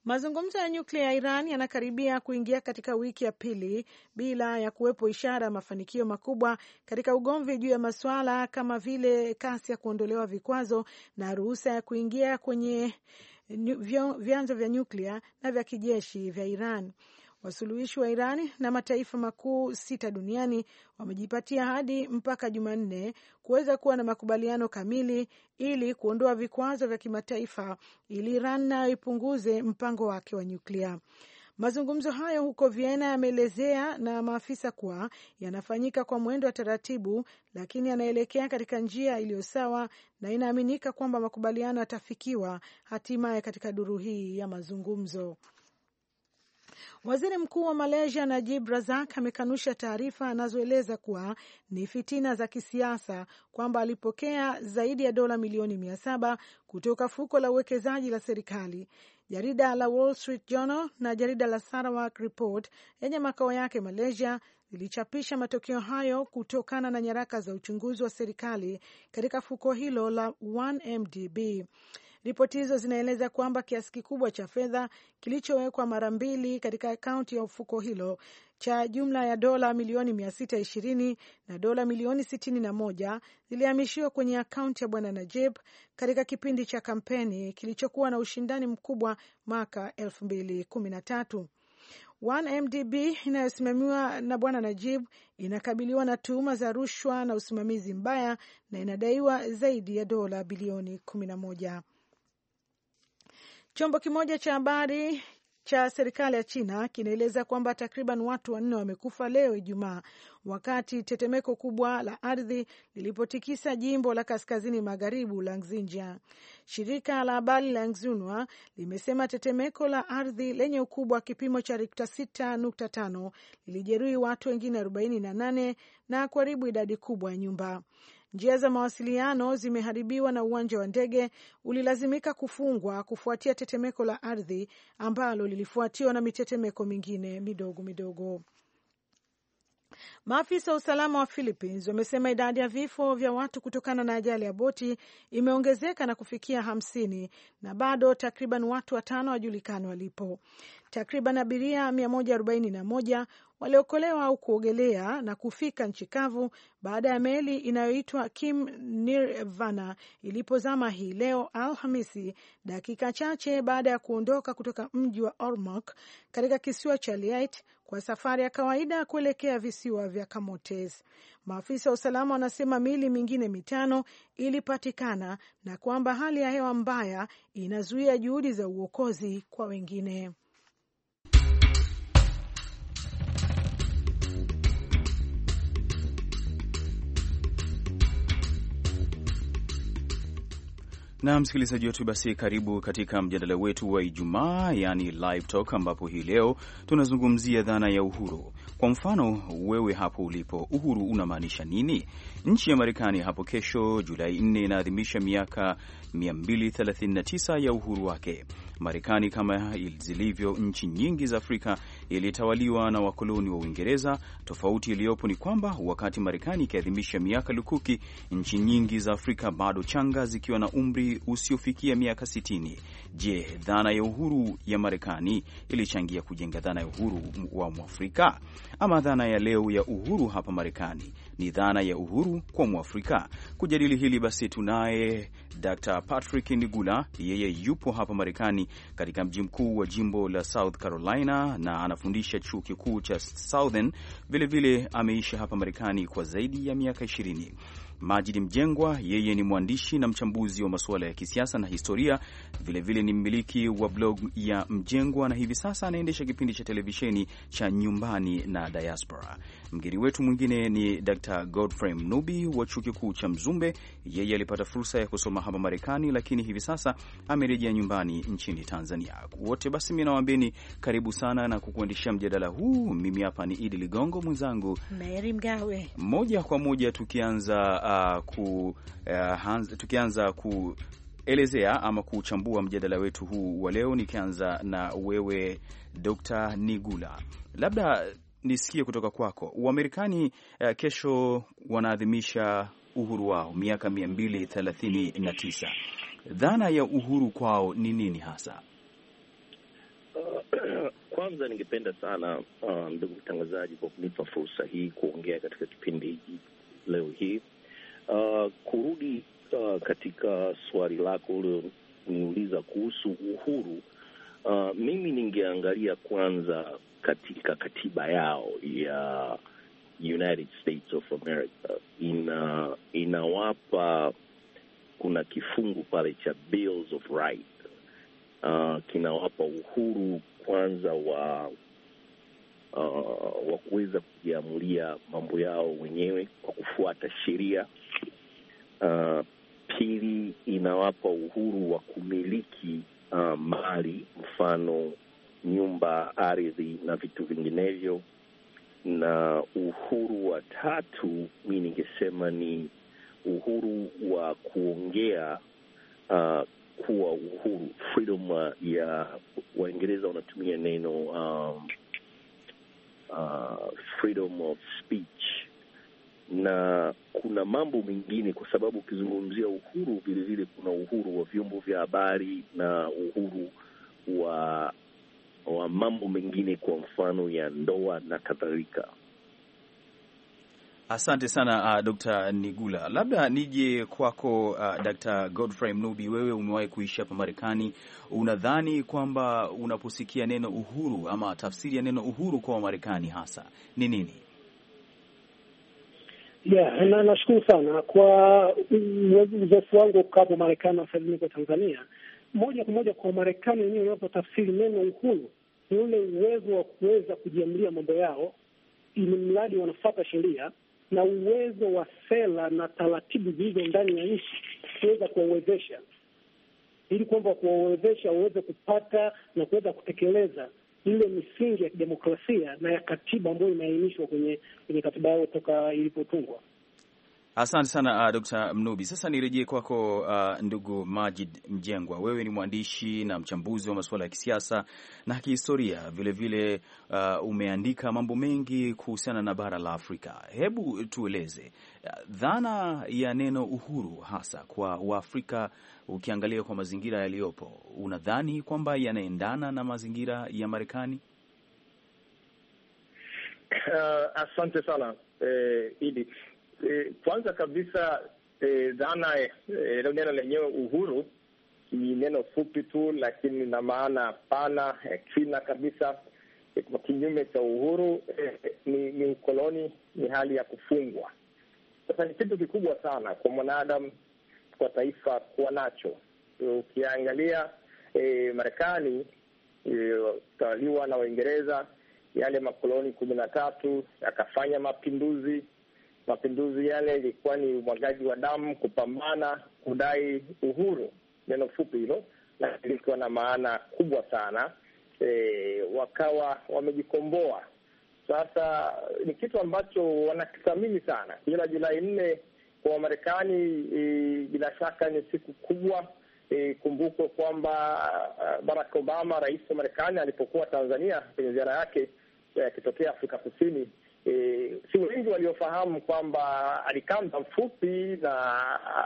Mazungumzo ya nyuklia ya Iran yanakaribia kuingia katika wiki ya pili bila ya kuwepo ishara ya mafanikio makubwa katika ugomvi juu ya masuala kama vile kasi ya kuondolewa vikwazo na ruhusa ya kuingia kwenye vyanzo vya nyuklia na vya kijeshi vya Iran. Wasuluhishi wa Iran na mataifa makuu sita duniani wamejipatia hadi mpaka Jumanne kuweza kuwa na makubaliano kamili ili kuondoa vikwazo vya kimataifa ili Iran nayo ipunguze mpango wake wa nyuklia. Mazungumzo hayo huko Vienna yameelezea na maafisa kuwa yanafanyika kwa mwendo wa taratibu, lakini yanaelekea katika njia iliyo sawa na inaaminika kwamba makubaliano yatafikiwa hatimaye katika duru hii ya mazungumzo. Waziri mkuu wa Malaysia Najib Razak amekanusha taarifa anazoeleza kuwa ni fitina za kisiasa kwamba alipokea zaidi ya dola milioni mia saba kutoka fuko la uwekezaji la serikali. Jarida la Wall Street Journal na jarida la Sarawak Report yenye makao yake Malaysia lilichapisha matokeo hayo kutokana na nyaraka za uchunguzi wa serikali katika fuko hilo la 1MDB. Ripoti hizo zinaeleza kwamba kiasi kikubwa cha fedha kilichowekwa mara mbili katika akaunti ya ufuko hilo cha jumla ya dola milioni 620 na dola milioni 61 zilihamishiwa kwenye akaunti ya bwana Najib katika kipindi cha kampeni kilichokuwa na ushindani mkubwa mwaka 2013. 1MDB inayosimamiwa na bwana Najib inakabiliwa na tuhuma za rushwa na usimamizi mbaya na inadaiwa zaidi ya dola bilioni moja. Chombo kimoja cha habari cha serikali ya China kinaeleza kwamba takriban watu wanne wamekufa leo Ijumaa wakati tetemeko kubwa la ardhi lilipotikisa jimbo la kaskazini magharibu la Xinjiang. Shirika la habari la Xinhua limesema tetemeko la ardhi lenye ukubwa wa kipimo cha Rikta 6.5 lilijeruhi watu wengine 48 na kuharibu idadi kubwa ya nyumba. Njia za mawasiliano zimeharibiwa na uwanja wa ndege ulilazimika kufungwa kufuatia tetemeko la ardhi ambalo lilifuatiwa na mitetemeko mingine midogo midogo. Maafisa wa usalama wa Philippines wamesema idadi ya vifo vya watu kutokana na ajali ya boti imeongezeka na kufikia hamsini na bado takriban watu watano wajulikani walipo. Takriban abiria 141 waliokolewa au kuogelea na kufika nchi kavu baada ya meli inayoitwa Kim Nirvana ilipozama hii leo Alhamisi, dakika chache baada ya kuondoka kutoka mji wa Ormoc katika kisiwa cha Liait kwa safari ya kawaida kuelekea visiwa vya Kamotes. Maafisa wa usalama wanasema mili mingine mitano ilipatikana na kwamba hali ya hewa mbaya inazuia juhudi za uokozi kwa wengine. Na msikilizaji wetu, basi karibu katika mjadala wetu wa Ijumaa, yani live talk, ambapo hii leo tunazungumzia dhana ya uhuru kwa mfano wewe hapo ulipo, uhuru unamaanisha nini? Nchi ya Marekani hapo kesho Julai 4 inaadhimisha miaka 239 ya uhuru wake. Marekani kama zilivyo nchi nyingi za Afrika ilitawaliwa na wakoloni wa Uingereza. Tofauti iliyopo ni kwamba wakati Marekani ikiadhimisha miaka lukuki, nchi nyingi za Afrika bado changa zikiwa na umri usiofikia miaka 60. Je, dhana ya uhuru ya Marekani ilichangia kujenga dhana ya uhuru wa Mwafrika? ama dhana ya leo ya uhuru hapa Marekani ni dhana ya uhuru kwa Mwafrika. Kujadili hili basi, tunaye Dr Patrick Nigula, yeye yupo hapa Marekani katika mji mkuu wa jimbo la South Carolina na anafundisha chuo kikuu cha Southern. Vilevile ameishi hapa Marekani kwa zaidi ya miaka ishirini majidi Mjengwa, yeye ni mwandishi na mchambuzi wa masuala ya kisiasa na historia, vilevile vile ni mmiliki wa blog ya Mjengwa na hivi sasa anaendesha kipindi cha televisheni cha Nyumbani na Diaspora. Mgeni wetu mwingine ni Dr Godfrey Mnubi wa chuo kikuu cha Mzumbe. Yeye alipata fursa ya kusoma hapa Marekani, lakini hivi sasa amerejea nyumbani nchini Tanzania. Wote basi, mi nawambeni karibu sana na kukuendeshea mjadala huu. Mimi hapa ni Idi Ligongo, mwenzangu Mary Mgawe. Moja kwa moja tukianza, uh, ku, uh, hanz, tukianza ku elezea ama kuchambua mjadala wetu huu wa leo, nikianza na wewe Dr Nigula, labda nisikie kutoka kwako. Wamarekani uh, eh, kesho wanaadhimisha uhuru wao miaka mia mbili thelathini na tisa. Dhana ya uhuru kwao ni nini hasa? Uh, kwanza ningependa sana uh, ndugu mtangazaji kwa kunipa fursa hii kuongea katika kipindi hiki leo hii uh, kurudi uh, katika swali lako ulioniuliza kuhusu uhuru uh, mimi ningeangalia kwanza katika katiba yao ya United States of America ina inawapa, kuna kifungu pale cha bills of right uh, ah, kinawapa uhuru kwanza wa uh, wa kuweza kujiamulia mambo yao wenyewe kwa kufuata sheria uh, pili inawapa uhuru wa kumiliki uh, mali mfano nyumba, ardhi na vitu vinginevyo. Na uhuru wa tatu, mi ningesema ni uhuru wa kuongea uh, kuwa uhuru freedom uh, ya Waingereza wanatumia neno um, uh, freedom of speech na kuna mambo mengine, kwa sababu ukizungumzia uhuru vilevile kuna uhuru wa vyombo vya habari na uhuru wa wa mambo mengine, kwa mfano ya ndoa na kadhalika. Asante sana uh, Dr. Nigula, labda nije kwako uh, Dr. Godfrey Mnubi, wewe umewahi kuishi hapa Marekani, unadhani kwamba unaposikia neno uhuru ama tafsiri ya neno uhuru kwa Wamarekani hasa ni nini? Yeah, na nashukuru sana kwa uzoefu wangu kama Marekani sasa niko Tanzania, moja kwa moja kwa Marekani wenyewe wanapotafsiri neno uhuru ule uwezo wa kuweza kujiamulia mambo yao, ili mradi wanafata sheria na uwezo wa sera na taratibu zilizo ndani ya nchi kuweza kuwawezesha, ili kwamba kuwawezesha waweze kupata na kuweza kutekeleza ile misingi ya kidemokrasia na ya katiba ambayo inaainishwa kwenye kwenye katiba yao toka ilipotungwa. Asante sana uh, Dkt. Mnubi. Sasa nirejee kwako uh, ndugu Majid Mjengwa, wewe ni mwandishi na mchambuzi wa masuala ya kisiasa na kihistoria vilevile. Uh, umeandika mambo mengi kuhusiana na bara la Afrika. Hebu tueleze uh, dhana ya neno uhuru, hasa kwa Waafrika ukiangalia kwa mazingira yaliyopo, unadhani kwamba yanaendana na mazingira ya Marekani? Uh, asante sana eh, Idi e, kwanza kabisa e, dhana eh, hilo e, neno lenyewe uhuru ni neno fupi tu, lakini na maana pana e, kina kabisa e, kwa kinyume cha uhuru e, ni, ni ukoloni, ni hali ya kufungwa. Sasa ni kitu kikubwa sana kwa mwanadamu, kwa taifa kuwa nacho. Ukiangalia e, Marekani utawaliwa na Waingereza, yale makoloni kumi na tatu yakafanya mapinduzi Mapinduzi yale ilikuwa ni umwagaji wa damu, kupambana, kudai uhuru. Neno fupi hilo, lakini likiwa na maana kubwa sana. E, wakawa wamejikomboa sasa. Ni kitu ambacho wanakithamini sana. Ila Julai nne kwa Wamarekani e, bila shaka ni siku kubwa. E, kumbukwe kwamba Barack Obama, rais wa Marekani, alipokuwa Tanzania kwenye ziara yake e, akitokea e, Afrika Kusini E, si wengi waliofahamu kwamba alikaa muda mfupi na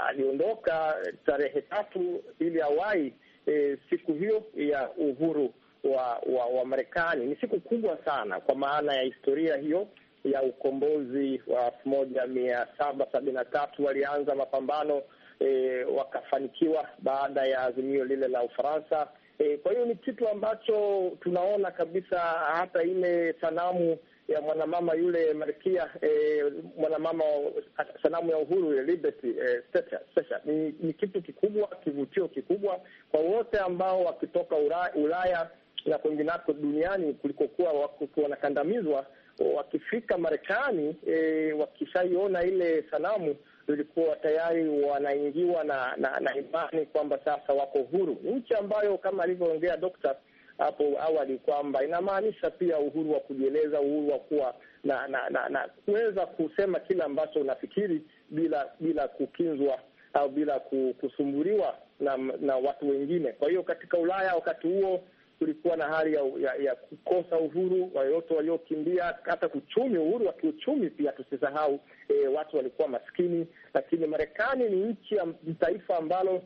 aliondoka tarehe tatu ili awai e, siku hiyo ya uhuru wa wa, wa Marekani. Ni siku kubwa sana kwa maana ya historia hiyo ya ukombozi wa elfu moja mia saba sabini na tatu walianza mapambano e, wakafanikiwa baada ya azimio lile la Ufaransa. E, kwa hiyo ni kitu ambacho tunaona kabisa hata ile sanamu ya mwanamama yule malkia e, mwanamama sanamu ya uhuru ya Liberty e, sasa ni, ni kitu kikubwa, kivutio kikubwa kwa wote ambao wakitoka Ulaya, Ulaya na kwingineko duniani kulikokuwa wanakandamizwa wakifika Marekani e, wakishaiona ile sanamu ilikuwa tayari wanaingiwa na na, na imani kwamba sasa wako huru. Nchi ambayo kama alivyoongea daktari hapo awali kwamba inamaanisha pia uhuru wa kujieleza, uhuru wa kuwa na na, na, na kuweza kusema kile ambacho unafikiri bila bila kukinzwa au bila kusumbuliwa na, na watu wengine. Kwa hiyo katika Ulaya wakati huo kulikuwa na hali ya, ya, ya kukosa uhuru, wayote waliokimbia hata kuchumi, uhuru wa kiuchumi pia tusisahau. E, watu walikuwa maskini, lakini Marekani ni nchi ya taifa ambalo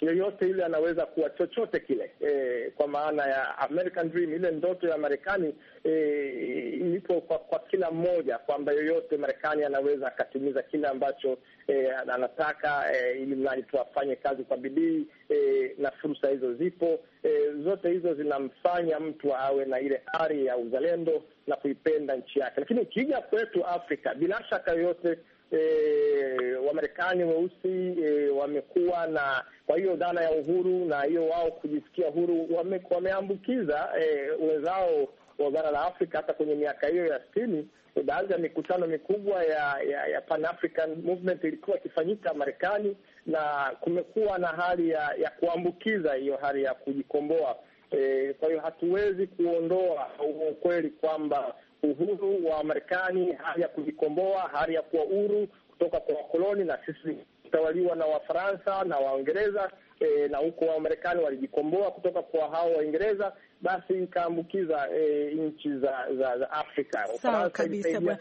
yoyote ile anaweza kuwa chochote kile e, kwa maana ya American Dream, ile ndoto ya Marekani e, ipo kwa, kwa kila mmoja kwamba yoyote Marekani anaweza akatimiza kile ambacho e, anataka e, ili mradi tu afanye kazi kwa bidii e, na fursa hizo zipo e, zote hizo zinamfanya mtu awe na ile ari ya uzalendo na kuipenda nchi yake, lakini ukija kwetu Afrika bila shaka yoyote e, Wamarekani weusi e, wamekuwa na kwa hiyo dhana ya uhuru na hiyo wao kujisikia huru wame, wameambukiza e, wenzao wa bara la Afrika. Hata kwenye miaka hiyo ya sitini baadhi ya mikutano mikubwa ya, ya, ya Pan African Movement ilikuwa ikifanyika Marekani, na kumekuwa na hali ya, ya kuambukiza hiyo hali ya kujikomboa e, kwa hiyo hatuwezi kuondoa ukweli kwamba uhuru wa Marekani, hali ya kujikomboa, hali ya kuwa huru kutoka kwa wakoloni, na sisi tawaliwa na Wafaransa na Waingereza e, na huko Wamarekani walijikomboa kutoka kwa hao Waingereza, basi ikaambukiza e, nchi za, za, za Afrika. Sawa kabisa bwana,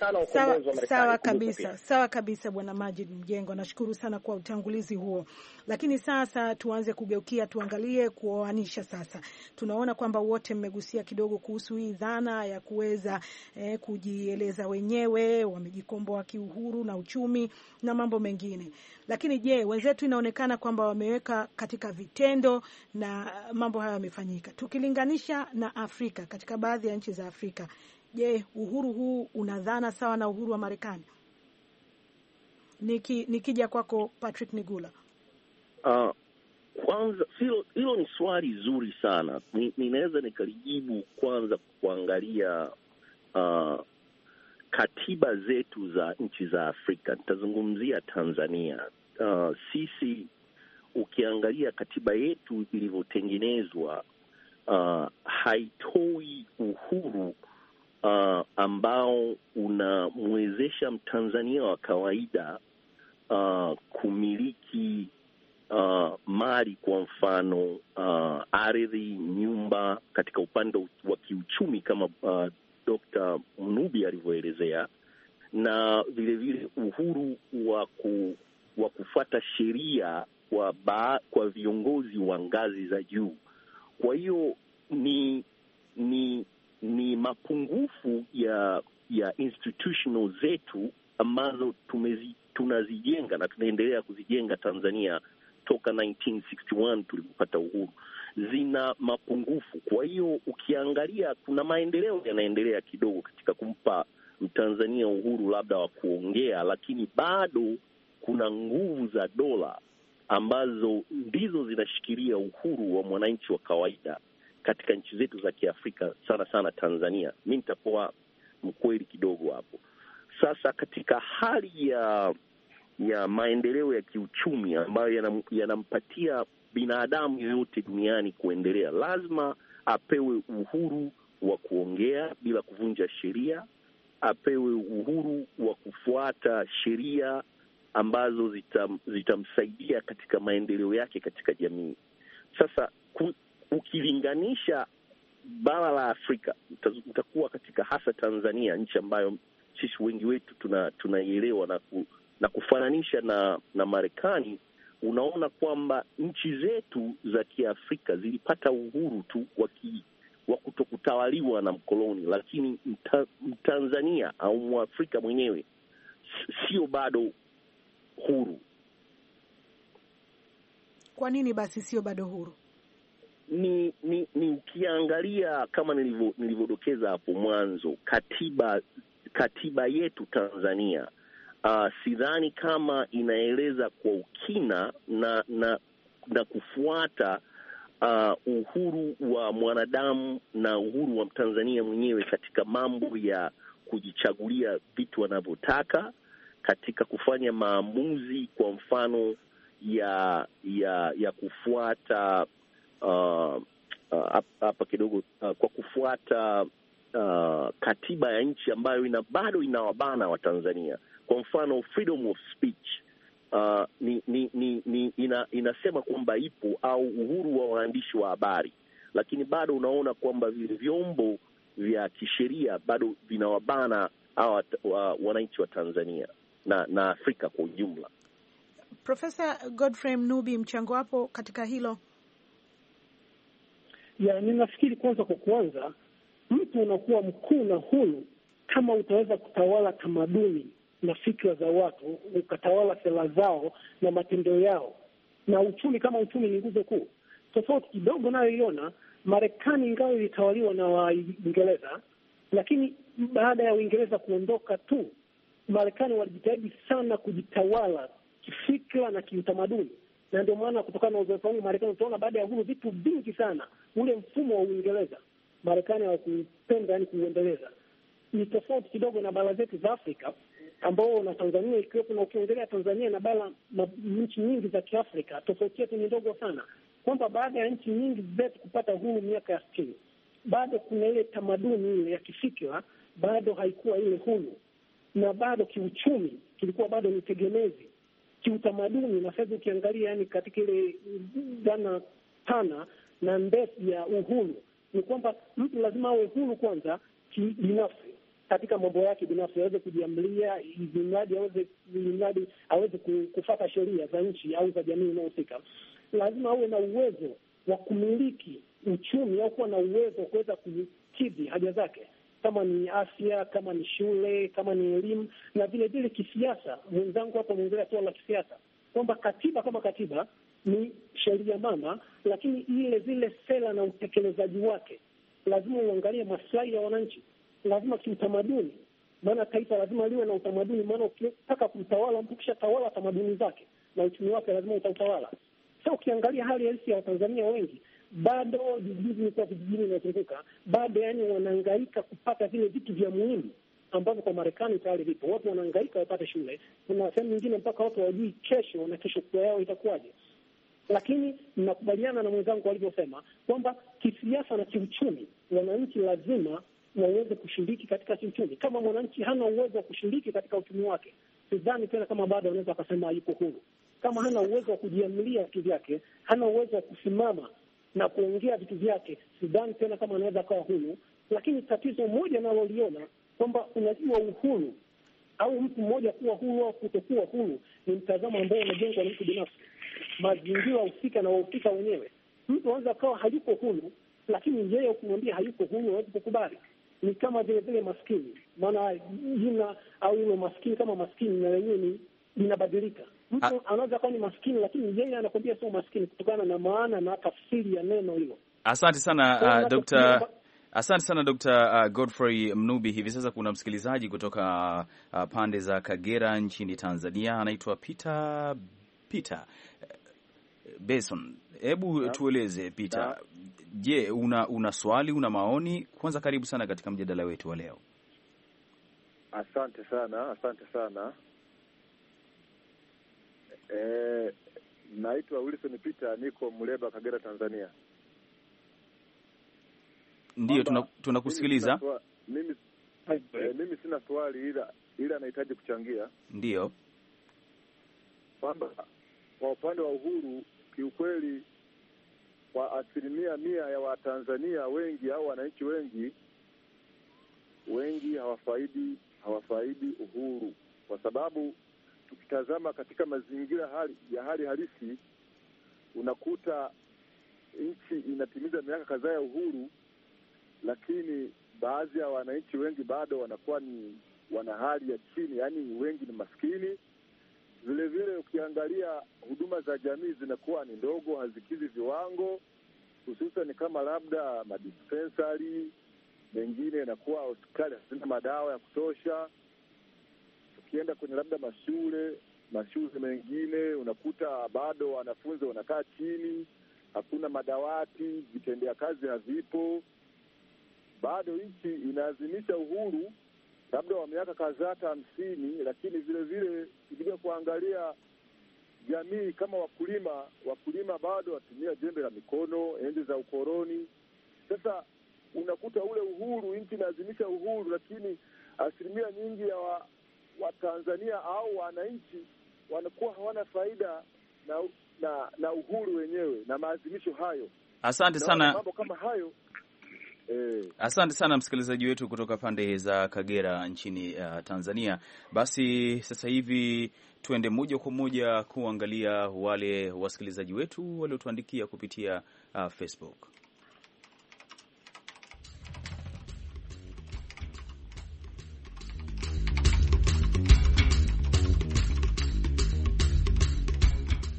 sawa kabisa, sawa kabisa bwana Majid Mjengo, nashukuru sana kwa utangulizi huo. Lakini sasa tuanze kugeukia, tuangalie kuoanisha. Sasa tunaona kwamba wote mmegusia kidogo kuhusu hii dhana ya kuweza eh, kujieleza wenyewe, wamejikomboa kiuhuru na uchumi na mambo mengine. Lakini je, wenzetu inaonekana kwamba wameweka katika vitendo na mambo hayo yamefanyika, tukilinganisha na Afrika, katika baadhi ya nchi za Afrika. Je, uhuru huu una dhana sawa na uhuru wa Marekani? Niki, nikija kwako Patrick Nigula. Ah, kwanza hilo hilo ni swali zuri sana, ninaweza ni nikalijibu kwanza kuangalia uh, katiba zetu za nchi za Afrika. Nitazungumzia Tanzania. Uh, sisi ukiangalia katiba yetu ilivyotengenezwa, uh, haitoi uhuru uh, ambao unamwezesha Mtanzania wa kawaida uh, kumiliki uh, mali kwa mfano uh, ardhi, nyumba. Katika upande wa kiuchumi kama uh, Dr. Mnubi alivyoelezea, na vilevile vile uhuru wa ku, wa kufuata sheria kwa, ba, kwa viongozi wa ngazi za juu. Kwa hiyo ni ni ni mapungufu ya ya institutional zetu ambazo tumezi, tunazijenga na tunaendelea kuzijenga Tanzania toka 1961 tulipopata uhuru zina mapungufu. Kwa hiyo ukiangalia, kuna maendeleo yanaendelea kidogo katika kumpa Mtanzania uhuru labda wa kuongea, lakini bado kuna nguvu za dola ambazo ndizo zinashikilia uhuru wa mwananchi wa kawaida katika nchi zetu za Kiafrika, sana sana Tanzania. Mi nitakuwa mkweli kidogo hapo. Sasa katika hali ya ya maendeleo ya kiuchumi ambayo yanampatia yanampatia binadamu yoyote duniani kuendelea, lazima apewe uhuru wa kuongea bila kuvunja sheria, apewe uhuru wa kufuata sheria ambazo zitamsaidia zitamsaidia katika maendeleo yake katika jamii. Sasa ku, ukilinganisha bara la Afrika utakuwa katika hasa Tanzania, nchi ambayo sisi wengi wetu tunaielewa tuna na ku, na kufananisha na na Marekani, unaona kwamba nchi zetu za Kiafrika zilipata uhuru tu wa kutokutawaliwa na mkoloni, lakini mta, Mtanzania au Mwafrika mwenyewe sio bado huru. Kwa nini basi sio bado huru? Ni, ni ni ukiangalia kama nilivyodokeza hapo mwanzo, katiba katiba yetu Tanzania uh, sidhani kama inaeleza kwa ukina na na, na kufuata uh, uhuru wa mwanadamu na uhuru wa Mtanzania mwenyewe katika mambo ya kujichagulia vitu wanavyotaka katika kufanya maamuzi, kwa mfano ya ya ya kufuata ah, hapa uh, uh, kidogo uh, kwa kufuata uh, katiba ya nchi ambayo ina bado inawabana Watanzania. Kwa mfano freedom of speech uh, ni, ni, ni, ni ina, inasema kwamba ipo au uhuru wa waandishi wa habari, lakini bado unaona kwamba vile vyombo vya kisheria bado vinawabana hawa wananchi wa Tanzania na, na Afrika kwa ujumla. Profesa Godfrey Mnubi, mchango wapo katika hilo? Ya, ninafikiri kwanza, kwa kuanza mtu unakuwa mkuu na huru kama utaweza kutawala tamaduni na fikra za watu, ukatawala sera zao na matendo yao. Na uchumi kama uchumi ni nguzo kuu. Tofauti kidogo nayoiona Marekani, ingawa ilitawaliwa na Waingereza, lakini baada ya Uingereza kuondoka tu Marekani walijitahidi sana kujitawala kifikra na kiutamaduni, na ndio maana kutokana na uzoefu huu Marekani utaona baada ya huru vitu vingi sana ule mfumo wa Uingereza Marekani hawakupenda yani kuuendeleza. Ni tofauti kidogo na bara zetu za Afrika ambao na Tanzania ikiwepo, na ukiongelea Tanzania na bara nchi nyingi za Kiafrika, tofauti yetu ni ndogo sana, kwamba baada ya nchi nyingi zetu kupata uhuru miaka ya sitini, bado kuna ile tamaduni ile ya kifikira bado haikuwa ile huru, na bado kiuchumi kilikuwa bado ni tegemezi kiutamaduni. Na sasa ukiangalia, yani katika ile dhana pana na ndefu ya uhuru ni kwamba mtu lazima awe huru kwanza kibinafsi katika mambo yake binafsi, aweze kujiamlia ilimradi aweze ilimradi aweze kufata sheria za nchi au za jamii inayohusika. Lazima awe na uwezo wa kumiliki uchumi au kuwa na uwezo wa kuweza kukidhi haja zake, kama ni afya, kama ni shule, kama ni elimu, na vilevile kisiasa. Mwenzangu hapo ameongelea suala la kisiasa kwamba katiba kama katiba ni sheria mama lakini ile zile sera na utekelezaji wake lazima uangalie maslahi ya wananchi, lazima kiutamaduni, maana taifa lazima liwe na utamaduni, maana ukitaka kumtawala mtu kisha tawala tamaduni zake na uchumi wake lazima utautawala. Sa ukiangalia hali halisi ya Watanzania wengi bado juzijuzi nikuwa vijijini inazunguka bado, yani wanaangaika kupata vile vitu vya muhimu ambavyo kwa Marekani tayari vipo. Watu wanaangaika wapate shule, kuna sehemu nyingine mpaka watu wajui kesho na kesho kua yao itakuwaje. Lakini nakubaliana na mwenzangu alivyosema kwamba kisiasa na kiuchumi, wananchi lazima waweze kushiriki katika kiuchumi. Kama mwananchi hana uwezo wa kushiriki katika uchumi wake, sidhani tena kama bado anaweza akasema yuko huru. Kama hana uwezo wa kujiamulia vitu vyake, hana uwezo wa kusimama na kuongea vitu vyake, sidhani tena kama anaweza akawa huru. Lakini tatizo moja naloliona kwamba unajua, uhuru au mtu mmoja kuwa huru au kutokuwa huru ni mtazamo ambao unajengwa na mtu binafsi mazingira husika na wahusika wenyewe. Mtu anaweza akawa hayuko huru, lakini yeye ukimwambia hayuko huru hawezi kukubali. Ni kama vile vile maskini, maana jina au ile maskini kama maskini na ni inabadilika. Mtu ah. anaweza akawa ni maskini, lakini yeye anakwambia sio maskini kutokana na maana na tafsiri ya neno hilo. Asante sana uh, ah, Dr. Asante sana Dr. Ah, Godfrey Mnubi. Hivi sasa kuna msikilizaji kutoka pande za Kagera nchini Tanzania, anaitwa Peter Peter Beson, hebu tueleze Peter, je, una una swali, una maoni? Kwanza karibu sana katika mjadala wetu wa leo. Asante sana, asante sana. E, naitwa Wilson Peter, niko Muleba, Kagera, Tanzania. Ndiyo, tunakusikiliza. Tuna mimi, e, mimi sina swali ila ila anahitaji kuchangia. Ndiyo, kwamba kwa upande wa uhuru kiukweli, kwa asilimia mia ya Watanzania wengi au wananchi wengi wengi hawafaidi hawafaidi uhuru, kwa sababu tukitazama katika mazingira hali, ya hali halisi unakuta nchi inatimiza miaka kadhaa ya uhuru, lakini baadhi ya wananchi wengi bado wanakuwa ni wana hali ya chini, yaani wengi ni maskini Vilevile ukiangalia huduma za jamii zinakuwa ni ndogo, hazikizi viwango, hususan kama labda madispensari mengine, inakuwa hospitali hazina madawa ya kutosha. Tukienda kwenye labda mashule, mashule mengine unakuta bado wanafunzi wanakaa chini, hakuna madawati, vitendea kazi havipo. Bado nchi inaazimisha uhuru labda wa miaka kadhaa hata hamsini, lakini vilevile tukija kuangalia jamii kama wakulima, wakulima bado watumia jembe la mikono enzi za ukoloni. Sasa unakuta ule uhuru, nchi inaadhimisha uhuru, lakini asilimia nyingi ya Watanzania wa au wananchi wanakuwa hawana faida na, na, na uhuru wenyewe na maadhimisho hayo. Asante sana. Mambo kama hayo E. Asante sana msikilizaji wetu kutoka pande za Kagera nchini uh, Tanzania. Basi sasa hivi tuende moja kwa moja kuangalia wale wasikilizaji wetu waliotuandikia kupitia uh, Facebook.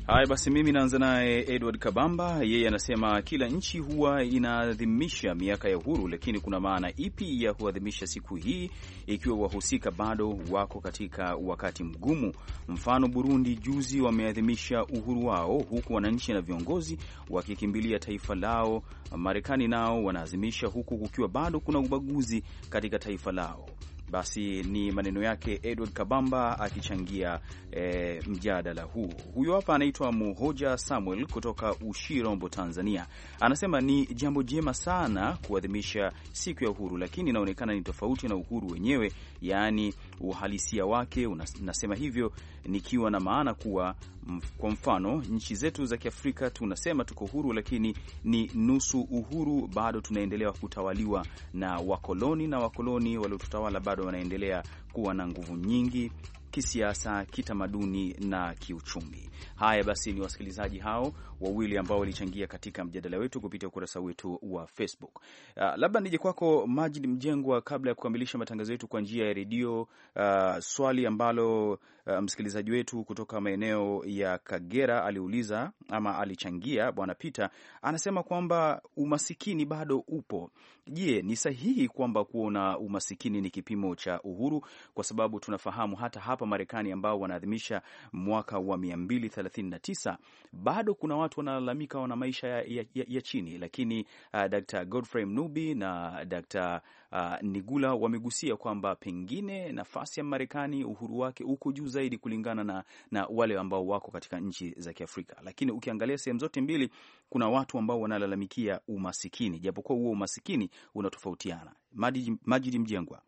Haya basi, mimi naanza naye Edward Kabamba. Yeye anasema kila nchi huwa inaadhimisha miaka ya uhuru, lakini kuna maana ipi ya kuadhimisha siku hii ikiwa wahusika bado wako katika wakati mgumu? Mfano, Burundi juzi wameadhimisha uhuru wao, huku wananchi na viongozi wakikimbilia taifa lao. Marekani nao wanaadhimisha, huku kukiwa bado kuna ubaguzi katika taifa lao. Basi ni maneno yake Edward Kabamba akichangia e, mjadala huu. Huyu hapa anaitwa Muhoja Samuel kutoka Ushirombo, Tanzania, anasema ni jambo jema sana kuadhimisha siku ya uhuru, lakini inaonekana ni tofauti na uhuru wenyewe, yaani uhalisia wake unasema hivyo, nikiwa na maana kuwa kwa mfano nchi zetu za Kiafrika tunasema tuko huru, lakini ni nusu uhuru. Bado tunaendelea kutawaliwa na wakoloni, na wakoloni waliotutawala bado wanaendelea kuwa na nguvu nyingi kisiasa, kitamaduni na kiuchumi. Haya basi, ni wasikilizaji hao wawili ambao walichangia katika mjadala wetu kupitia ukurasa wetu wa Facebook. Uh, labda nije kwako Majid Mjengwa, kabla ya kukamilisha matangazo yetu kwa njia ya redio, uh, swali ambalo uh, msikilizaji wetu kutoka maeneo ya Kagera aliuliza ama alichangia. Bwana Peter anasema kwamba umasikini bado upo. Je, ni sahihi kwamba kuona umasikini ni kipimo cha uhuru? Kwa sababu tunafahamu hata hapa Marekani ambao wanaadhimisha mwaka wa 239 bado kuna watu wanalalamika wana maisha ya, ya, ya chini, lakini uh, Dr. Godfrey Mnubi na Dr. uh, Nigula wamegusia kwamba pengine nafasi ya Marekani uhuru wake uko juu zaidi kulingana na, na wale ambao wako katika nchi za Kiafrika, lakini ukiangalia sehemu zote mbili kuna watu ambao wanalalamikia umasikini, japokuwa huo umasikini unatofautiana. Majidi Mjengwa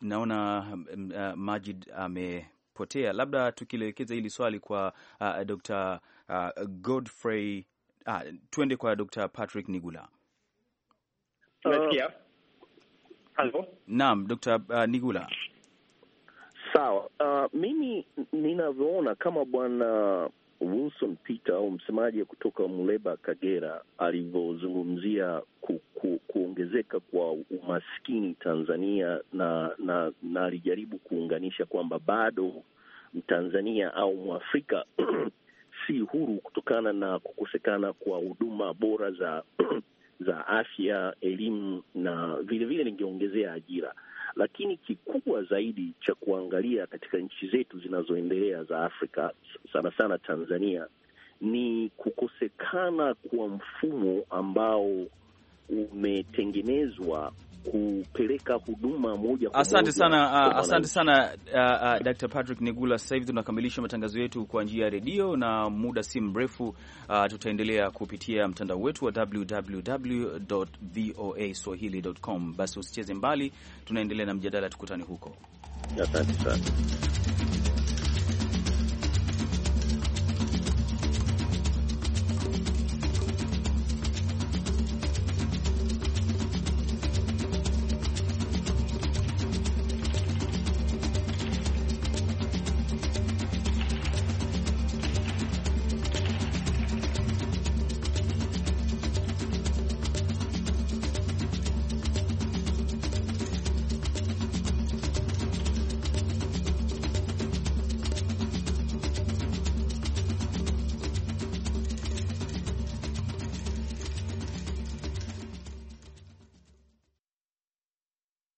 naona um, um, uh, Majid amepotea. Labda tukielekeza hili swali kwa uh, Dr. uh, Godfrey uh, tuende kwa Dr. Patrick Nigula. Hello. Naam, Dr. uh, Nigula. Sawa. Uh, mimi ninavyoona kama bwana Wilson Peter au msemaji kutoka Muleba Kagera alivyozungumzia ku, ku, kuongezeka kwa umaskini Tanzania, na na na alijaribu kuunganisha kwamba bado Mtanzania au Mwafrika si huru kutokana na kukosekana kwa huduma bora za za afya, elimu na vilevile ningeongezea ajira lakini kikubwa zaidi cha kuangalia katika nchi zetu zinazoendelea za Afrika, sana sana Tanzania, ni kukosekana kwa mfumo ambao umetengenezwa kupeleka huduma moja kwa asante sana, uh, asante sana uh, uh, Dr. Patrick Nigula. Sasa hivi tunakamilisha matangazo yetu kwa njia ya redio, na muda si mrefu uh, tutaendelea kupitia mtandao wetu wa www.voaswahili.com. Basi usicheze mbali, tunaendelea na mjadala, tukutane huko. Asante sana.